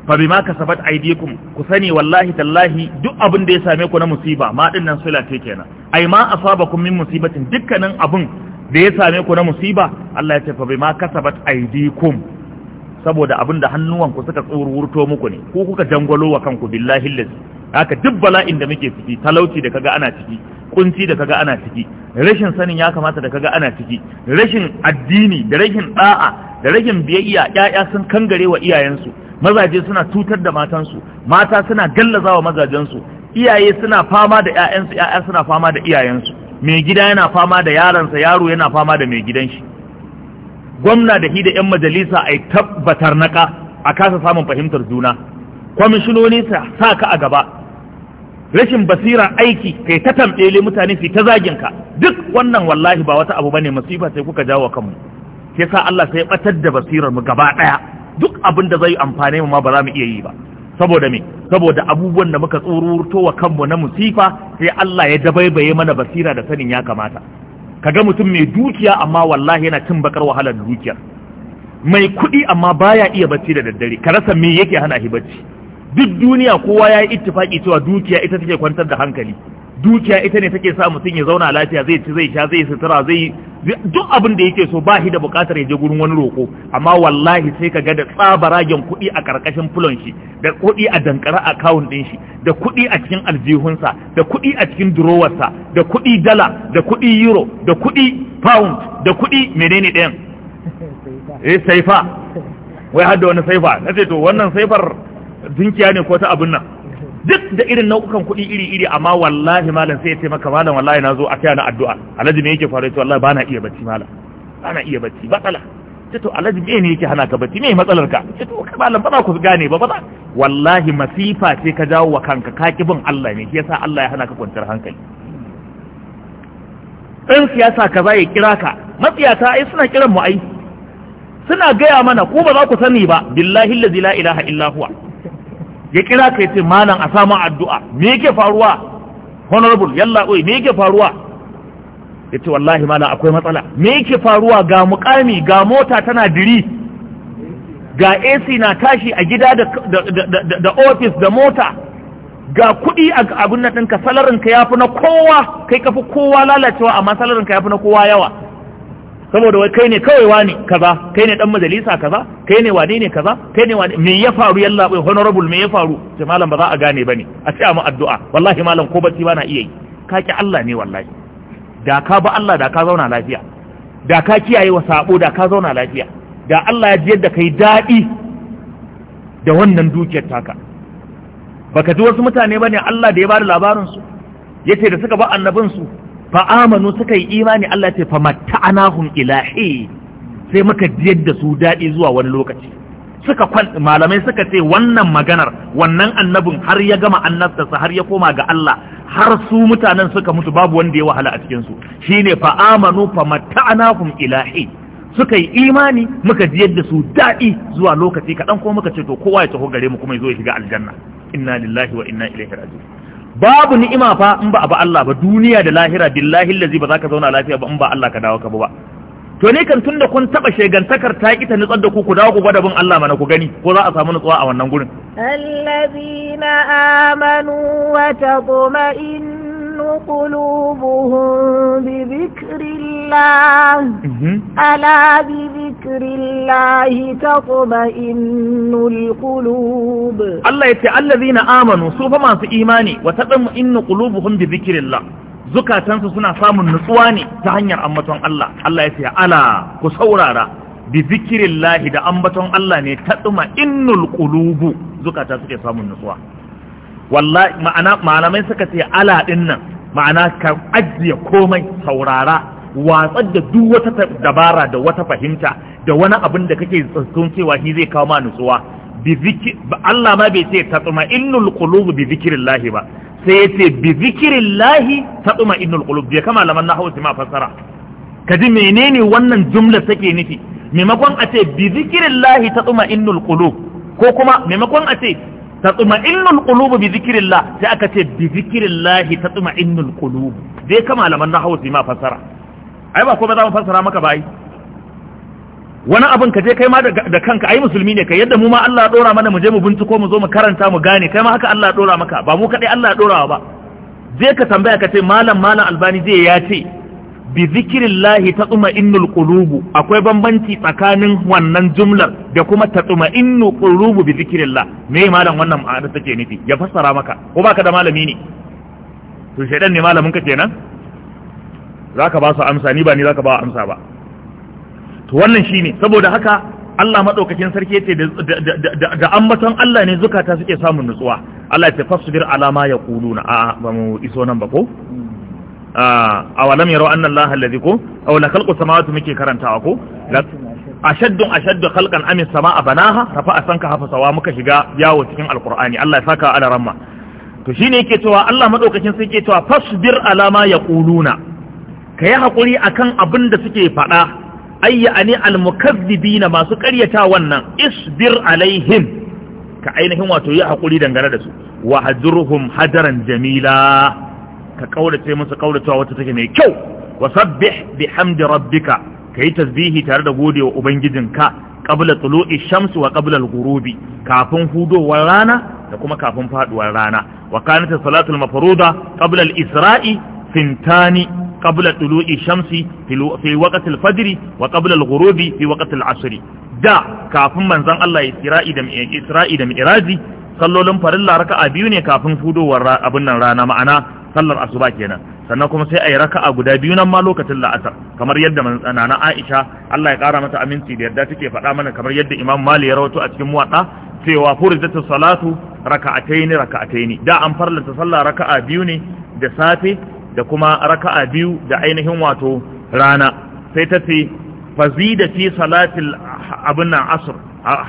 fa bima kasabat aydikum ku sani wallahi tallahi duk abin da ya same ku na musiba ma din nan sula ce kenan ai ma asabakum min musibatin dukkanin abin da ya same ku na musiba Allah ya ce fa bima kasabat aydikum saboda abin da hannuwanku suka tsururto muku ne ko kuka jangwalo wa kanku billahi lillahi haka duk bala'in da muke ciki talauci da kaga ana ciki kunci da kaga ana ciki rashin sanin ya kamata da kaga ana ciki rashin addini da rashin da'a da rashin biyayya ƴaƴa sun kangare wa iyayensu mazaje suna tutar da matansu mata suna gallaza wa mazajensu iyaye suna fama da ƴaƴansu ƴaƴa suna fama da iyayensu mai gida yana fama da yaransa yaro yana fama da mai gidan shi gwamna da hida ƴan majalisa ai tabbatar naka a kasa samun fahimtar juna kwamishinoni sa sa ka a gaba rashin basira aiki kai ta tambele mutane su ta zagin ka duk wannan wallahi ba wata abu bane masifa sai kuka jawo kanmu sai sa Allah sai ya batar da basirar mu gaba daya duk abin da zai amfane mu ma ba za mu iya yi ba saboda me saboda abubuwan da muka tsururto wa kanmu na musifa sai Allah ya dabaibaye mana basira da sanin ya kamata kaga mutum mai dukiya amma wallahi yana cin bakar wahalar dukiyar mai kuɗi amma baya iya bacci da daddare ka rasa me yake hana shi bacci duk duniya kowa ya yi ittifaki cewa dukiya ita take kwantar da hankali dukiya ita ne take sa mutum ya zauna lafiya zai ci zai sha zai sutura zai duk abin da yake so ba shi da bukatar ya je gurin wani roko amma wallahi sai ka ga da tsabaragen kuɗi a karkashin fulon shi da kuɗi a dankara akawun ɗin shi da kuɗi a cikin aljihunsa da kuɗi a cikin durowarsa da kuɗi dala da kuɗi euro da kuɗi pound da kuɗi menene ɗayan eh saifa wai har da wani saifa na ce to wannan saifar dinkiya ne ko ta abin nan duk da irin nau'ukan kuɗi iri-iri amma wallahi malam sai ya ce maka malam wallahi na zo a taya na addu'a alhaji me yake ce wallahi ba na iya bacci malam ba na iya bacci matsala ce to alhaji me ne yake hana ka bacci me matsalar ka ce to kai malam ba za ku gane ba ba za wallahi masifa ce ka jawo wa kanka ka ki bin Allah ne shi yasa Allah ya hana ka kwantar hankali ɗan siyasa za ya kira ka matsiyata ai suna kiran mu ai suna gaya mana ko ba za ku sani ba billahi la ilaha illa huwa ya kira ka yace malam a samu addu'a me yake faruwa honorable yalla oi me yake faruwa yace wallahi malam akwai matsala me yake faruwa ga mukami ga mota tana diri ga AC na tashi a gida da da da, office da mota ga kuɗi a abin nan ka salarin ya fi na kowa kai kafi kowa lalacewa amma salarin ya fi na kowa yawa saboda wai kai ne kawai wani kaza kai ne dan majalisa kaza kai ne wane ne kaza kai ne wane me ya faru yalla bai honorable me ya faru sai malam ba za a gane bane a ce mu addu'a wallahi malam ko bacci bana iya yi ka ki Allah ne wallahi da ka ba Allah da ka zauna lafiya da ka kiyaye wa sabo da ka zauna lafiya da Allah ya jiyar da kai dadi da wannan dukiyar taka baka ji wasu mutane bane Allah da ya ba da labarin su yace da suka ba annabin su fa suka yi imani Allah ce fa matta'anahum ilahi sai muka jiyar da su daɗi zuwa wani lokaci suka malamai suka ce wannan maganar wannan annabin har ya gama annabtarsa har ya koma ga Allah har su mutanen suka mutu babu wanda ya wahala a cikin su ne fa fa matta'anahum ilahi suka yi imani muka jiyar da su daɗi zuwa lokaci kaɗan kuma muka ce to kowa ya taho gare mu kuma ya zo ya shiga aljanna inna lillahi wa inna ilaihi raji'un babu ni'ima fa in ba abu Allah ba duniya da lahira billahi lazi ba za ka zauna lafiya ba in ba Allah ka dawo ka ba to ne kan tunda kun taba shegantakar ta ki ta nutsar da ku ku dawo ku gwada bin Allah mana ku gani ko za a samu nutsuwa a wannan gurin allazina amanu wa tatma'in تزن قلوبهم بذكر الله ألا بذكر الله تطمئن القلوب الله يتي الذين آمنوا سوف ما في إيماني وتطمئن قلوبهم بذكر الله zukatansu suna samun nutsuwa ne ta hanyar ambaton Allah Allah ya ce ala ku saurara bi zikirillahi da ambaton Allah ne ta tsuma qulubu zukata suke samun nutsuwa wallahi ma'ana malamai suka ce ala din nan ma'ana ka ajiye komai saurara watsar da duk wata dabara da wata fahimta da wani abin da kake tsantsun cewa shi zai kawo ma nutsuwa Allah ma bai ce tsuma innul qulubu bi lahi ba sai ya ce bi zikrillahi tatsuma innul qulub bai kama laman nahawu ma fassara kaji menene wannan jumla take nufi maimakon a ce bi ta tsuma innul qulub ko kuma maimakon a ce innul kulubu bi zikrillah sai aka ce bi zikrillah innul kulubu. dai kama malaman na su ma fassara ai ba komai za mu fassara maka bai wani abin ka je kai ma da kanka ai musulmi ne kai yadda mu ma Allah ya dora mana mu je mu binciko mu zo mu karanta mu gane kai ma haka Allah ya dora maka ba mu kadai Allah ya dora ba je ka tambaya ka ce malam malam albani zai ya ce bi zikirillahi ta tsuma innul qulubu akwai bambanci tsakanin wannan jumlar da kuma ta tsuma innu qulubu bi zikirillah me malam wannan ma'ana take nufi ya fassara maka ko baka da malami ne to shedan ne malamin ka kenan zaka ba su amsa ni ba ni zaka ba amsa ba to wannan shine saboda haka Allah madaukakin sarki yace da ambaton Allah ne zukata suke samun nutsuwa Allah ya tafasbir alama yaquluna a ba mu iso nan ba ko a walam yaro annan lahar lazi ko a wala kalko samawatu muke karantawa ko ashaddun ashaddu khalqan amin sama'a banaha rafa asanka hafa sawa muka shiga yawo cikin Alkur'ani. Allah ya saka ala ramma to shine yake cewa Allah madaukakin sai bir cewa fasbir ala ka yi haƙuri hakuri akan abin da suke faɗa ayya ani na masu ƙaryata wannan isbir alaihim ka ainihin wato yi hakuri dangane da su wahajurhum hajaran jamila ka kaurace musu kauracewa wata take mai kyau wa sabbih bihamdi rabbika kai tasbihi tare da godewa ubangijinka qabla tulu'i shamsi wa qabla al-ghurubi kafin hudowar rana da kuma kafin faduwar rana wa kanat salatul mafruda qabla al-isra'i fintani qabla tulu'i shamsi fi waqti al-fajr wa qabla al-ghurubi fi waqti al da kafin manzon Allah ya isra'i da isra'i da mi'raji sallolin farilla raka'a biyu ne kafin fudowar abin nan rana ma'ana sallar asuba kenan sannan kuma sai a yi raka'a guda biyu nan ma lokacin la'asar kamar yadda manzana na Aisha Allah ya kara mata aminci da yarda take faɗa mana kamar yadda Imam Malik ya rawaito a cikin muwatta cewa furidatu salatu raka'atayn raka'atayn da an farlanta sallah raka'a biyu ne da safe da kuma raka'a biyu da ainihin wato rana sai ta ce fazida fi salatil abin nan asr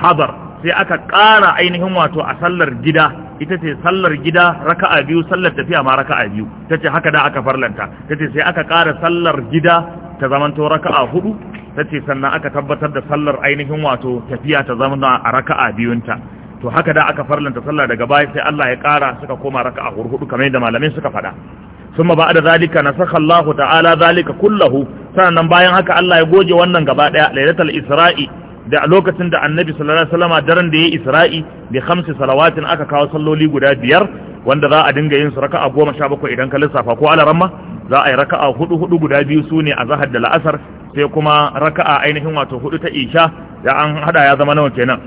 hadar sai aka ƙara ainihin wato a sallar gida ita ce sallar gida raka'a biyu sallar tafiya ma raka'a biyu ta ce haka da aka farlanta ta ce sai aka ƙara sallar gida ta zamanto raka'a hudu ta ce sannan aka tabbatar da sallar ainihin wato tafiya ta zamana a raka'a biyunta to haka da aka farlanta sallar daga baya sai Allah ya ƙara suka koma raka'a hudu kamar yadda malamai suka faɗa ثم بعد ذلك نسخ الله تعالى ذلك كله sannan bayan haka Allah ya goge wannan gaba daya lailatul isra'i da a lokacin da annabi sallallahu alaihi wasallam daren da yayi isra'i bi khamsi salawatin aka kawo salloli guda biyar wanda za a dinga yin su raka'a goma sha bakwai idan ka lissafa ko alaramma za a yi raka'a hudu hudu guda biyu su ne a zahar da la'asar sai kuma raka'a ainihin wato hudu ta isha da an hada ya zama nawa kenan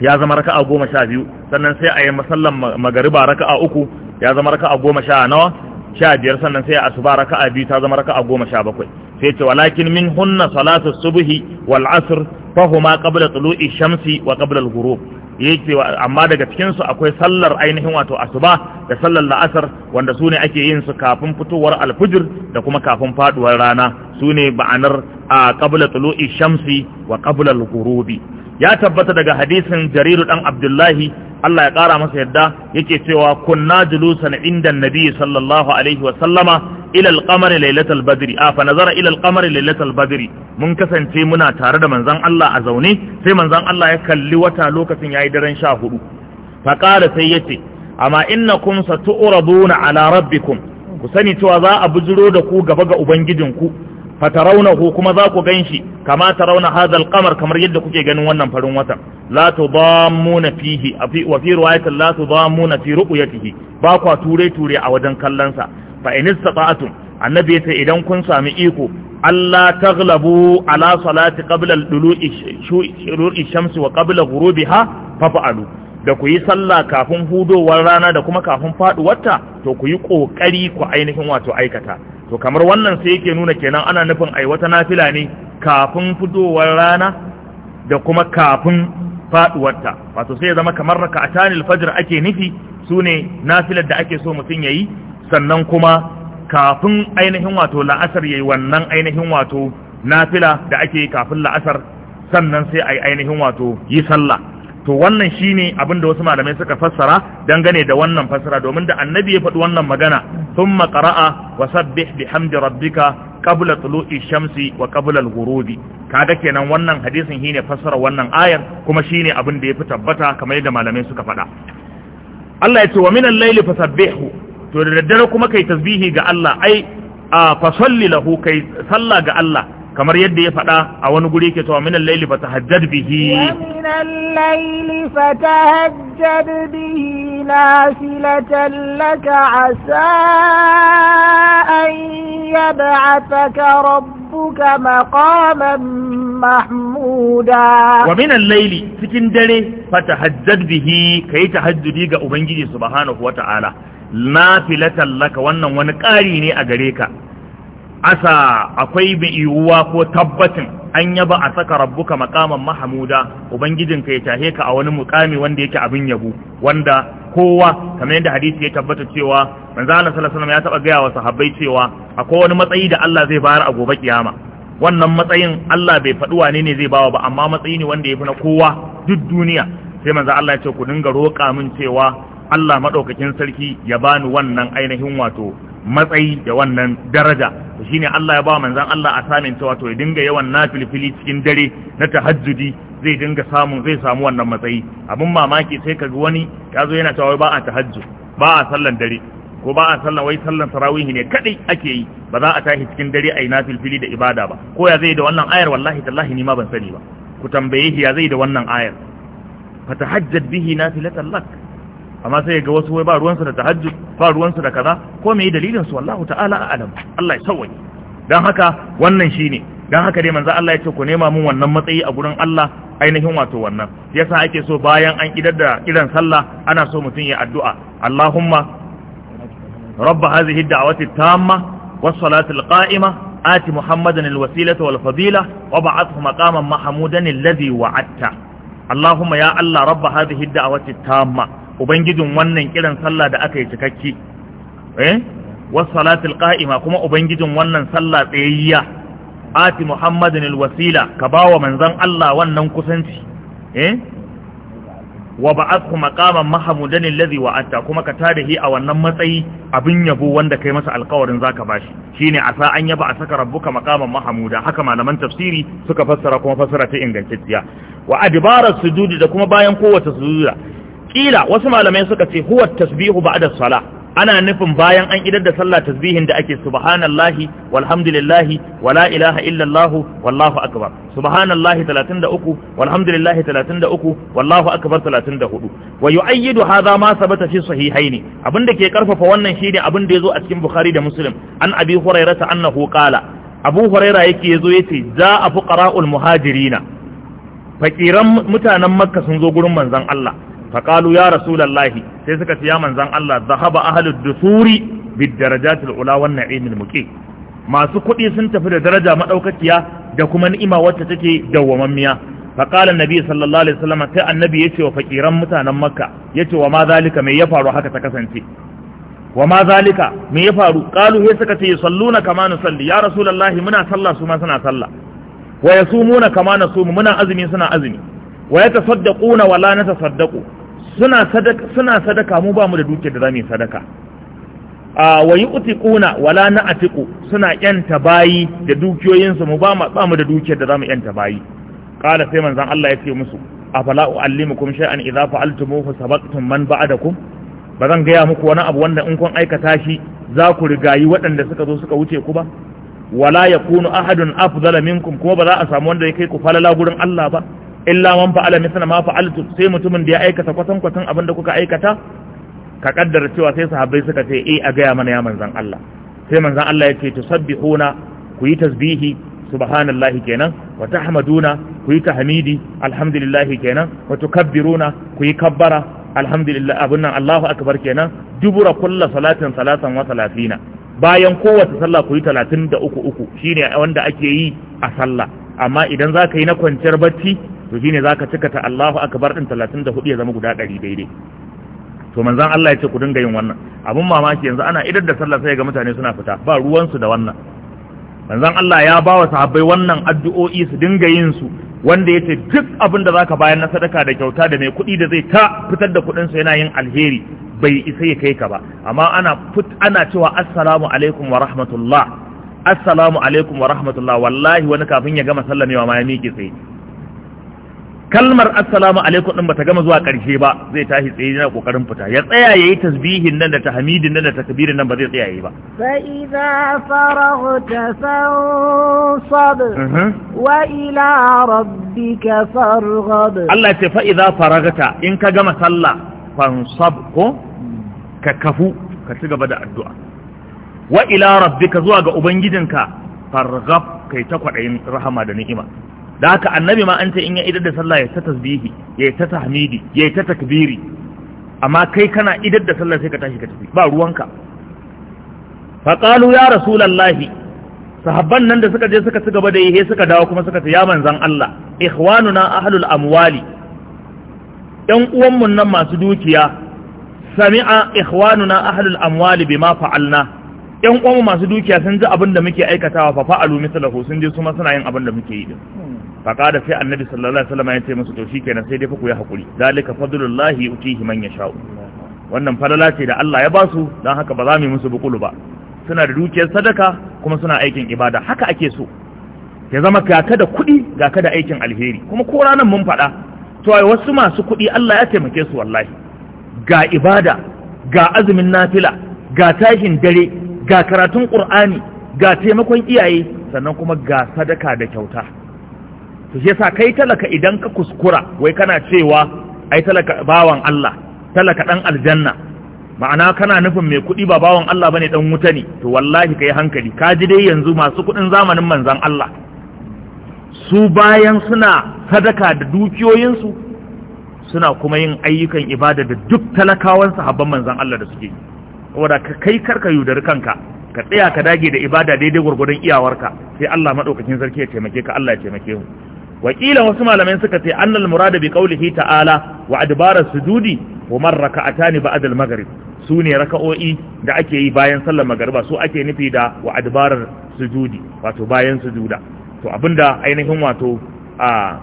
ya zama raka'a goma sha biyu sannan sai a yi masallan magariba raka'a uku ya zama raka'a goma sha nawa sha biyar sannan sai a asuba raka'a biyu ta zama raka'a goma sha bakwai sai ce walakin min hunna salatu subhi wal asr fahuma qabla tulu'i shamsi wa qabla al-ghurub amma daga cikin su akwai sallar ainihin wato asuba da sallar la'asar wanda sune ake yin su kafin fitowar alfijir da kuma kafin faduwar rana sune ne ba'anar a qabla tulu'i shamsi wa qabla al-ghurubi ya tabbata daga hadisin jariru dan abdullahi Allah ya kara masa yadda yake cewa kunna julusan inda nabi sallallahu alaihi wa sallama ilal kamar qamar lailatul badri a fa nazara ila al lailatul badri mun kasance muna tare da manzon Allah a zaune sai manzon Allah ya kalli wata lokacin yayi daren 14 fa qala sai yace amma innakum satu'raduna ala rabbikum ku sani cewa za a bujiro da ku gaba ga ubangijinku fatarawnahu kuma za ku ganshi kama tarawna hadha qamar kamar yadda kuke ganin wannan farin wata la tudammuna fihi wa fi riwayatin la tudammuna fi ru'yatihi ba kwa ture ture a wajen kallon sa fa in istata'tum annabi yace idan kun sami iko Allah taghlabu ala salati qabla al-dulu'i shuru'i shamsi wa qabla ghurubiha fa'alu da ku yi sallah kafin hudowar rana da kuma kafin faduwarta to ku yi kokari ku ainihin wato aikata to kamar wannan sai yake nuna kenan ana nufin ai wata nafila ne kafin fitowar rana da kuma kafin faduwarta wato sai ya zama kamar al fajr ake nufi sune nafilar da ake so mutum yayi sannan kuma kafin ainihin wato la'asar yayi wannan ainihin wato nafila da ake kafin la'asar sannan sai a yi ainihin wato yi sallah to wannan shine abin da wasu malamai suka fassara dangane da wannan fassara domin da annabi ya faɗi wannan magana thumma qara'a wa sabbih bihamdi rabbika qabla tulu'i shamsi wa qabla al-ghurubi kaga kenan wannan hadisin shine fassara wannan ayar kuma shine abin da ya fi tabbata kamar yadda malamai suka faɗa Allah ya ce wa minal layli fasabbihu to da daddare kuma kai tasbihi ga Allah ai a fasalli lahu kai salla ga Allah kamar yadda ya faɗa a wani guri ke cewa minal laili fatahajjad bihi minal laili fatahajjad bihi nafilatan laka asa an yab'athaka rabbuka maqaman mahmuda wa minan laili cikin dare fatahajjad bihi kai tahajjudi ga ubangiji subhanahu wata'ala nafilatan laka wannan wani ƙari ne a gare ka asa akwai bi'uwa ko tabbacin an yaba a saka rabbuka makaman mahamuda ka ya tahe ka a wani mukami wanda yake abin yabo wanda kowa kamar yadda hadisi ya tabbata cewa manzo Allah sallallahu alaihi wasallam ya taba gaya wa sahabbai cewa akwai wani matsayi da Allah zai bayar a gobe kiyama wannan matsayin Allah bai faɗi wane ne zai bawa ba amma matsayi ne wanda ya fi na kowa duk duniya sai manzo Allah ya ce ku dinga roƙa min cewa Allah madaukakin sarki ya bani wannan ainihin wato matsayi da wannan daraja to shine Allah ya ba manzon Allah a samin cewa to ya dinga yawan nafilfili cikin dare na tahajjudi zai dinga samu zai samu wannan matsayi abin mamaki sai kaga wani zo yana cewa ba a tahajjud ba a sallan dare ko ba a sallan wai sallan tarawih ne kadai ake yi ba za a tashi cikin dare a yi nafilfili da ibada ba ko ya zai da wannan ayar wallahi tallahi ni ma ban sani ba ku tambaye shi ya zai da wannan ayar fa fatahajjat bihi nafilatan lak amma sai ga wasu wai ba ruwansu da tahajjud ba ruwansu da kaza ko me dalilin su wallahu ta'ala a'lam Allah ya sauwaye dan haka wannan shine dan haka dai manzo Allah ya ce ku nema mun wannan matsayi a gurin Allah ainihin wato wannan yasa ake so bayan an idar da kiran sallah ana so mutum ya addu'a Allahumma rabb hadhihi ad-da'wati at-tamma was-salati al-qa'ima ati muhammadan al-wasilata wal-fadila wa ba'athu maqaman mahmudan alladhi wa'adta Allahumma ya Allah rabb hadhihi ad-da'wati at-tamma ubangijin wannan kiran sallah da aka yi cikakki eh, Wasu wasalatul kuma ubangijin wannan sallah tsayayya ati muhammadin alwasila ka bawa manzan Allah wannan kusanci eh wa ba'athu maqaman mahmudan alladhi wa'ata kuma ka tarihi a wannan matsayi abin yabo wanda kai masa alƙawarin zaka bashi shine asa an yaba a saka rabbuka makaman mahmuda haka malaman tafsiri suka fassara kuma fassara ta ingantacciya wa adbara sujudi da kuma bayan kowace sujuda kila wasu malamai suka ce huwa tasbihu ba'da sala. ana nufin bayan an idar da sallah tasbihin da ake subhanallahi walhamdulillahi wala ilaha illallah wallahu akbar subhanallahi 33 walhamdulillahi 33 wallahu akbar 34 wa yu'ayyidu hadha ma sabata fi sahihain abinda ke karfafa wannan shine abinda yazo a cikin bukhari da muslim an abi hurairah annahu qala abu hurairah yake yazo yace za a fuqara'ul muhajirina fakiran mutanen makka sun zo gurin manzon Allah faƙalu ya rasulallahi sai suka ce ya manzan Allah zahaba ahalud dusuri bid darajatil ula wan na'imil muqi masu kuɗi sun tafi da daraja madaukakiya da kuma ni'ima wacce take dawwamammiya faƙala nabi sallallahu alaihi wasallam sai annabi yace wa fakiran mutanen makka yace wa ma zalika me ya faru haka ta kasance wa ma zalika me ya faru qalu sai suka ce salluna kama nusalli ya rasulallahi muna sallah su ma suna sallah wa yasumuna kama nasumu muna azumi suna azumi wa yatasaddaquna wala natasaddaqu suna sadaka suna sadaka mu ba mu da duke da zamu sadaka a wayi utiquna wala na atiqu suna yanta bayi da dukiyoyinsu mu ba mu ba mu da duke da zamu yanta bayi qala sai manzon Allah ya ce musu afala uallimukum shay'an idza fa sabaqtum man ba'dakum ba ga gaya muku wani abu wanda in kun aikata shi za ku rigayi waɗanda suka zo suka wuce ku ba wala yakunu ahadun afdala minkum kuma ba za a samu wanda ya kai ku falala gurin Allah ba illa man fa'ala misla ma fa'altu sai mutumin da ya aikata kwatan kwatan abin da kuka aikata ka kaddara cewa sai sahabbai suka ce eh a gaya mana ya manzan Allah sai manzan Allah ya ce tusabbihuna ku yi tasbihi subhanallahi kenan wa tahmaduna ku yi tahmidi alhamdulillahi kenan wa tukabbiruna ku yi kabbara alhamdulillah abun nan Allahu akbar kenan dubura kulla salatin salatan wa salafina bayan kowace sallah ku yi 33 uku shine wanda ake yi a sallah amma idan zaka yi na kwanciyar bacci to shine ka cika ta Allahu akbar din 34 ya zama guda 100 daidai to manzan Allah ya ce ku dinga yin wannan abun mamaki yanzu ana idan da sallar sai ga mutane suna fita ba ruwansu su da wannan Manzan Allah ya bawa sahabbai wannan addu'o'i su dinga yin su wanda yace duk abin da zaka bayar na sadaka da kyauta da mai kuɗi da zai ta fitar da kuɗin su yana yin alheri bai isa ya kai ka ba amma ana put ana cewa assalamu alaikum wa rahmatullah assalamu alaikum wa rahmatullah wallahi wani kafin ya gama sallamewa ma ya miƙe tsaye kalmar assalamu alaikum din bata gama zuwa karshe ba zai tashi tsaye yana kokarin fita ya tsaya yayi tasbihin nan da tahmidin nan da takbirin nan ba zai tsaya yayi ba fa idza faraghta fansab mhm. wa ila rabbika farghab Allah ce fa idza faraghta in ka gama sallah fansab ko ka kafu ka ci gaba da addu'a wa ila rabbika zuwa ga ubangijinka farghab kai ta kwadayin rahama da ni'ima da haka annabi ma an ce in ya idar da sallah ya ta tasbihi ya ta tahmidi ya ta takbiri amma kai kana idar da sallah sai ka tashi ka tafi ba ruwanka fa qalu ya rasulullahi sahabban nan da suka je suka ci gaba da yi suka dawo kuma suka ce ya manzan Allah ikhwanuna ahlul amwali yan uwan mun nan masu dukiya sami'a ikhwanuna ahlul amwali bima fa'alna yan uwan masu dukiya sun ji abin da muke aikatawa fa fa'alu mislahu sun je su ma suna yin abin da muke yi din faƙada sai annabi sallallahu alaihi wasallam ya ce musu to kenan sai dai fa ku yi hakuri zalika fadlullahi utihi man yasha wannan falala ce da Allah ya basu, su dan haka ba za mu yi musu bukulu ba suna da dukiyar sadaka kuma suna aikin ibada haka ake so ya zama ka da kuɗi ga ka da aikin alheri kuma ko ranar mun faɗa to ai wasu masu kuɗi Allah ya taimake su wallahi ga ibada ga azumin nafila ga tashin dare ga karatun qur'ani ga taimakon iyaye sannan kuma ga sadaka da kyauta to shi yasa kai talaka idan ka kuskura wai kana cewa ai talaka bawan Allah talaka dan aljanna ma'ana kana nufin mai kuɗi ba bawan Allah bane dan wuta ne to wallahi kai hankali ka ji dai yanzu masu kuɗin zamanin manzon Allah su bayan suna sadaka da dukiyoyinsu suna kuma yin ayyukan ibada da duk talakawan sahabban manzon Allah da suke saboda ka kai karka yudar kanka ka tsaya ka dage da ibada daidai gwargwadon iyawarka sai Allah madaukakin sarki ya taimake ka Allah ya taimake mu wakila wasu malamai suka ce annal murada bi qaulihi ta'ala wa adbara sujudi wa man raka'atani ba'd al-maghrib su raka'o'i da ake yi bayan sallar magariba su ake nufi da wa adbarar sujudi wato bayan sujuda to abinda ainihin wato a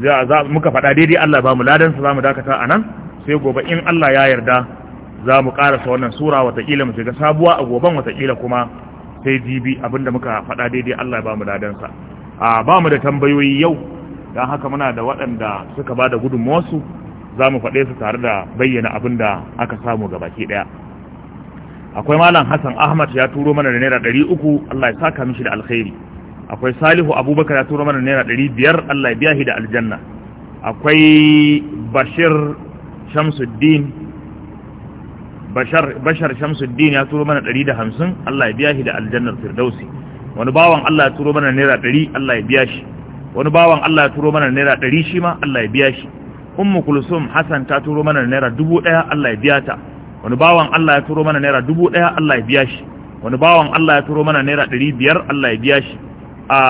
za muka faɗa daidai Allah ba mu ladan sa zamu dakata anan sai gobe in Allah ya yarda za mu karasa wannan sura watakila mu shiga sabuwa a goben watakila kuma sai jibi abinda muka faɗa daidai Allah ba mu ladan sa a ba mu da tambayoyi yau don haka muna da waɗanda suka ba da wasu za mu faɗe su tare da bayyana abin da aka samu ga baki ɗaya akwai malam hassan ahmad ya turo mana da naira ɗari uku allah ya saka mishi da alkhairi akwai salihu abubakar ya turo mana da naira ɗari biyar allah ya biya shi da aljanna akwai bashir shamsuddin bashar shamsuddin ya turo mana ɗari da hamsin allah ya biya shi da aljannar firdausi wani bawan Allah ya turo mana naira ɗari Allah ya biya shi wani bawan Allah ya turo mana naira ɗari shi ma Allah ya biya shi ummu kulsum hasan ta turo mana naira dubu ɗaya Allah ya biya ta wani bawan Allah ya turo mana naira dubu ɗaya Allah ya biya shi wani bawan Allah ya turo mana naira ɗari biyar Allah ya biya shi a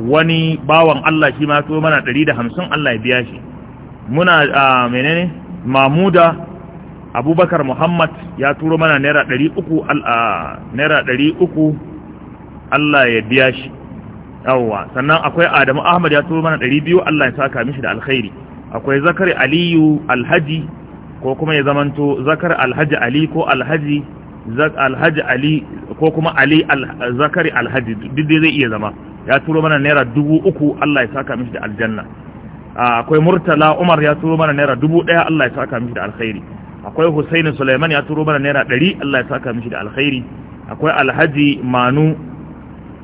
wani bawan Allah shi ma ya turo mana ɗari da hamsin Allah ya biya shi muna a menene mamuda abubakar muhammad ya turo mana naira ɗari uku naira ɗari uku Allah ya biya shi yawwa sannan akwai Adamu Ahmad ya turo mana 200 Allah ya saka mishi da alkhairi akwai Zakar Aliyu Alhaji ko kuma ya zamanto Zakar Alhaji Ali ko Alhaji Zak Alhaji Ali ko kuma Ali Zakari Alhaji duk dai zai iya zama ya turo mana naira 3000 Allah ya saka mishi da aljanna akwai Murtala Umar ya turo mana naira 1000 Allah ya saka mishi da alkhairi akwai Husaini Sulaiman ya turo mana naira 100 Allah ya saka mishi da alkhairi akwai Alhaji Manu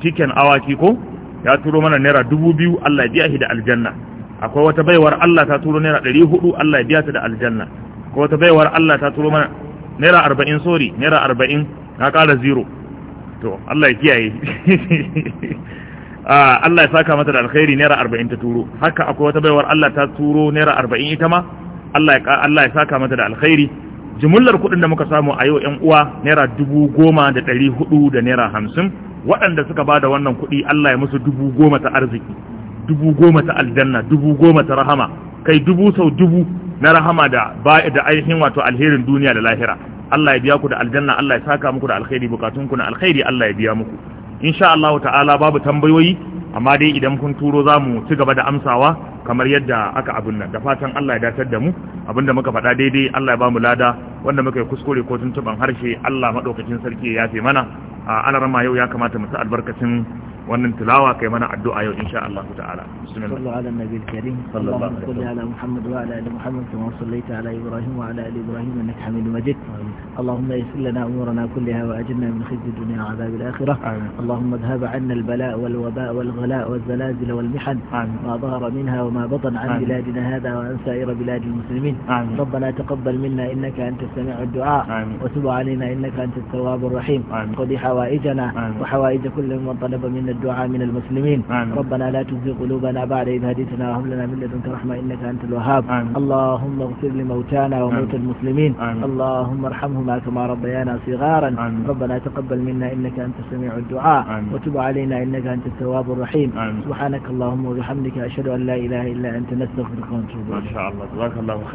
tiken awaki ko ya turo mana naira dubu biyu Allah ya biya shi da aljanna akwai wata baiwar Allah ta turo naira ɗari hudu Allah ya biya ta da aljanna akwai wata baiwar Allah ta turo mana naira arba'in sori naira arba'in na ƙara zero to Allah ya kiyaye ah, Allah ya saka mata da alkhairi naira arba'in ta turo haka akwai wata baiwar Allah ta turo naira arba'in ita ma Allah ya saka mata da alkhairi jimillar kuɗin da muka samu a yau ƴan uwa naira dubu goma da ɗari hudu da naira hamsin waɗanda suka ba da wannan kuɗi Allah ya musu dubu goma ta arziki dubu goma ta aljanna dubu goma ta rahama kai dubu sau dubu na rahama da da ainihin wato alherin duniya da lahira Allah ya biya ku da aljanna Allah ya saka muku da alkhairi bukatun ku na alkhairi Allah ya biya muku insha Allah ta'ala babu tambayoyi amma dai idan kun turo za mu ci gaba da amsawa kamar yadda aka abun nan da fatan Allah ya datar da mu abinda muka faɗa daidai Allah ya ba mu lada wanda muka yi kuskure ko tuntuban harshe Allah madaukakin sarki ya yafe mana a alarama yau ya kamata mu sa albarkacin wannan tilawa kai mana addu'a yau insha Allah ta'ala bismillah sallu ala nabiyil karim sallallahu alaihi ala muhammad wa ala ali muhammad kama sallaita ala ibrahim wa ala ali ibrahim innaka hamidum majid اللهم يسر لنا امورنا كلها واجرنا من خزي الدنيا وعذاب الاخره آمين. اللهم اذهب عنا البلاء والوباء والغلاء والزلازل والمحن آمين. ما ظهر منها وما بطن عن آمين. بلادنا هذا وعن سائر بلاد المسلمين آمين. ربنا تقبل منا انك انت السميع الدعاء آمين. وتب علينا انك انت التواب الرحيم قضي حوائجنا وحوائج كل من طلب منا الدعاء من المسلمين آمين. ربنا لا تزغ قلوبنا بعد إذ هديتنا وهب لنا من لدنك رحمة إنك أنت الوهاب آمين. اللهم اغفر لموتانا وموتى المسلمين آمين. اللهم ارحمهما كما ربيانا صغارا آمين. ربنا تقبل منا إنك أنت سميع الدعاء آمين. وتب علينا إنك أنت التواب الرحيم آمين. سبحانك اللهم وبحمدك أشهد أن لا إله إلا أنت نستغفرك ونتوب إليك ما شاء الله تبارك الله خير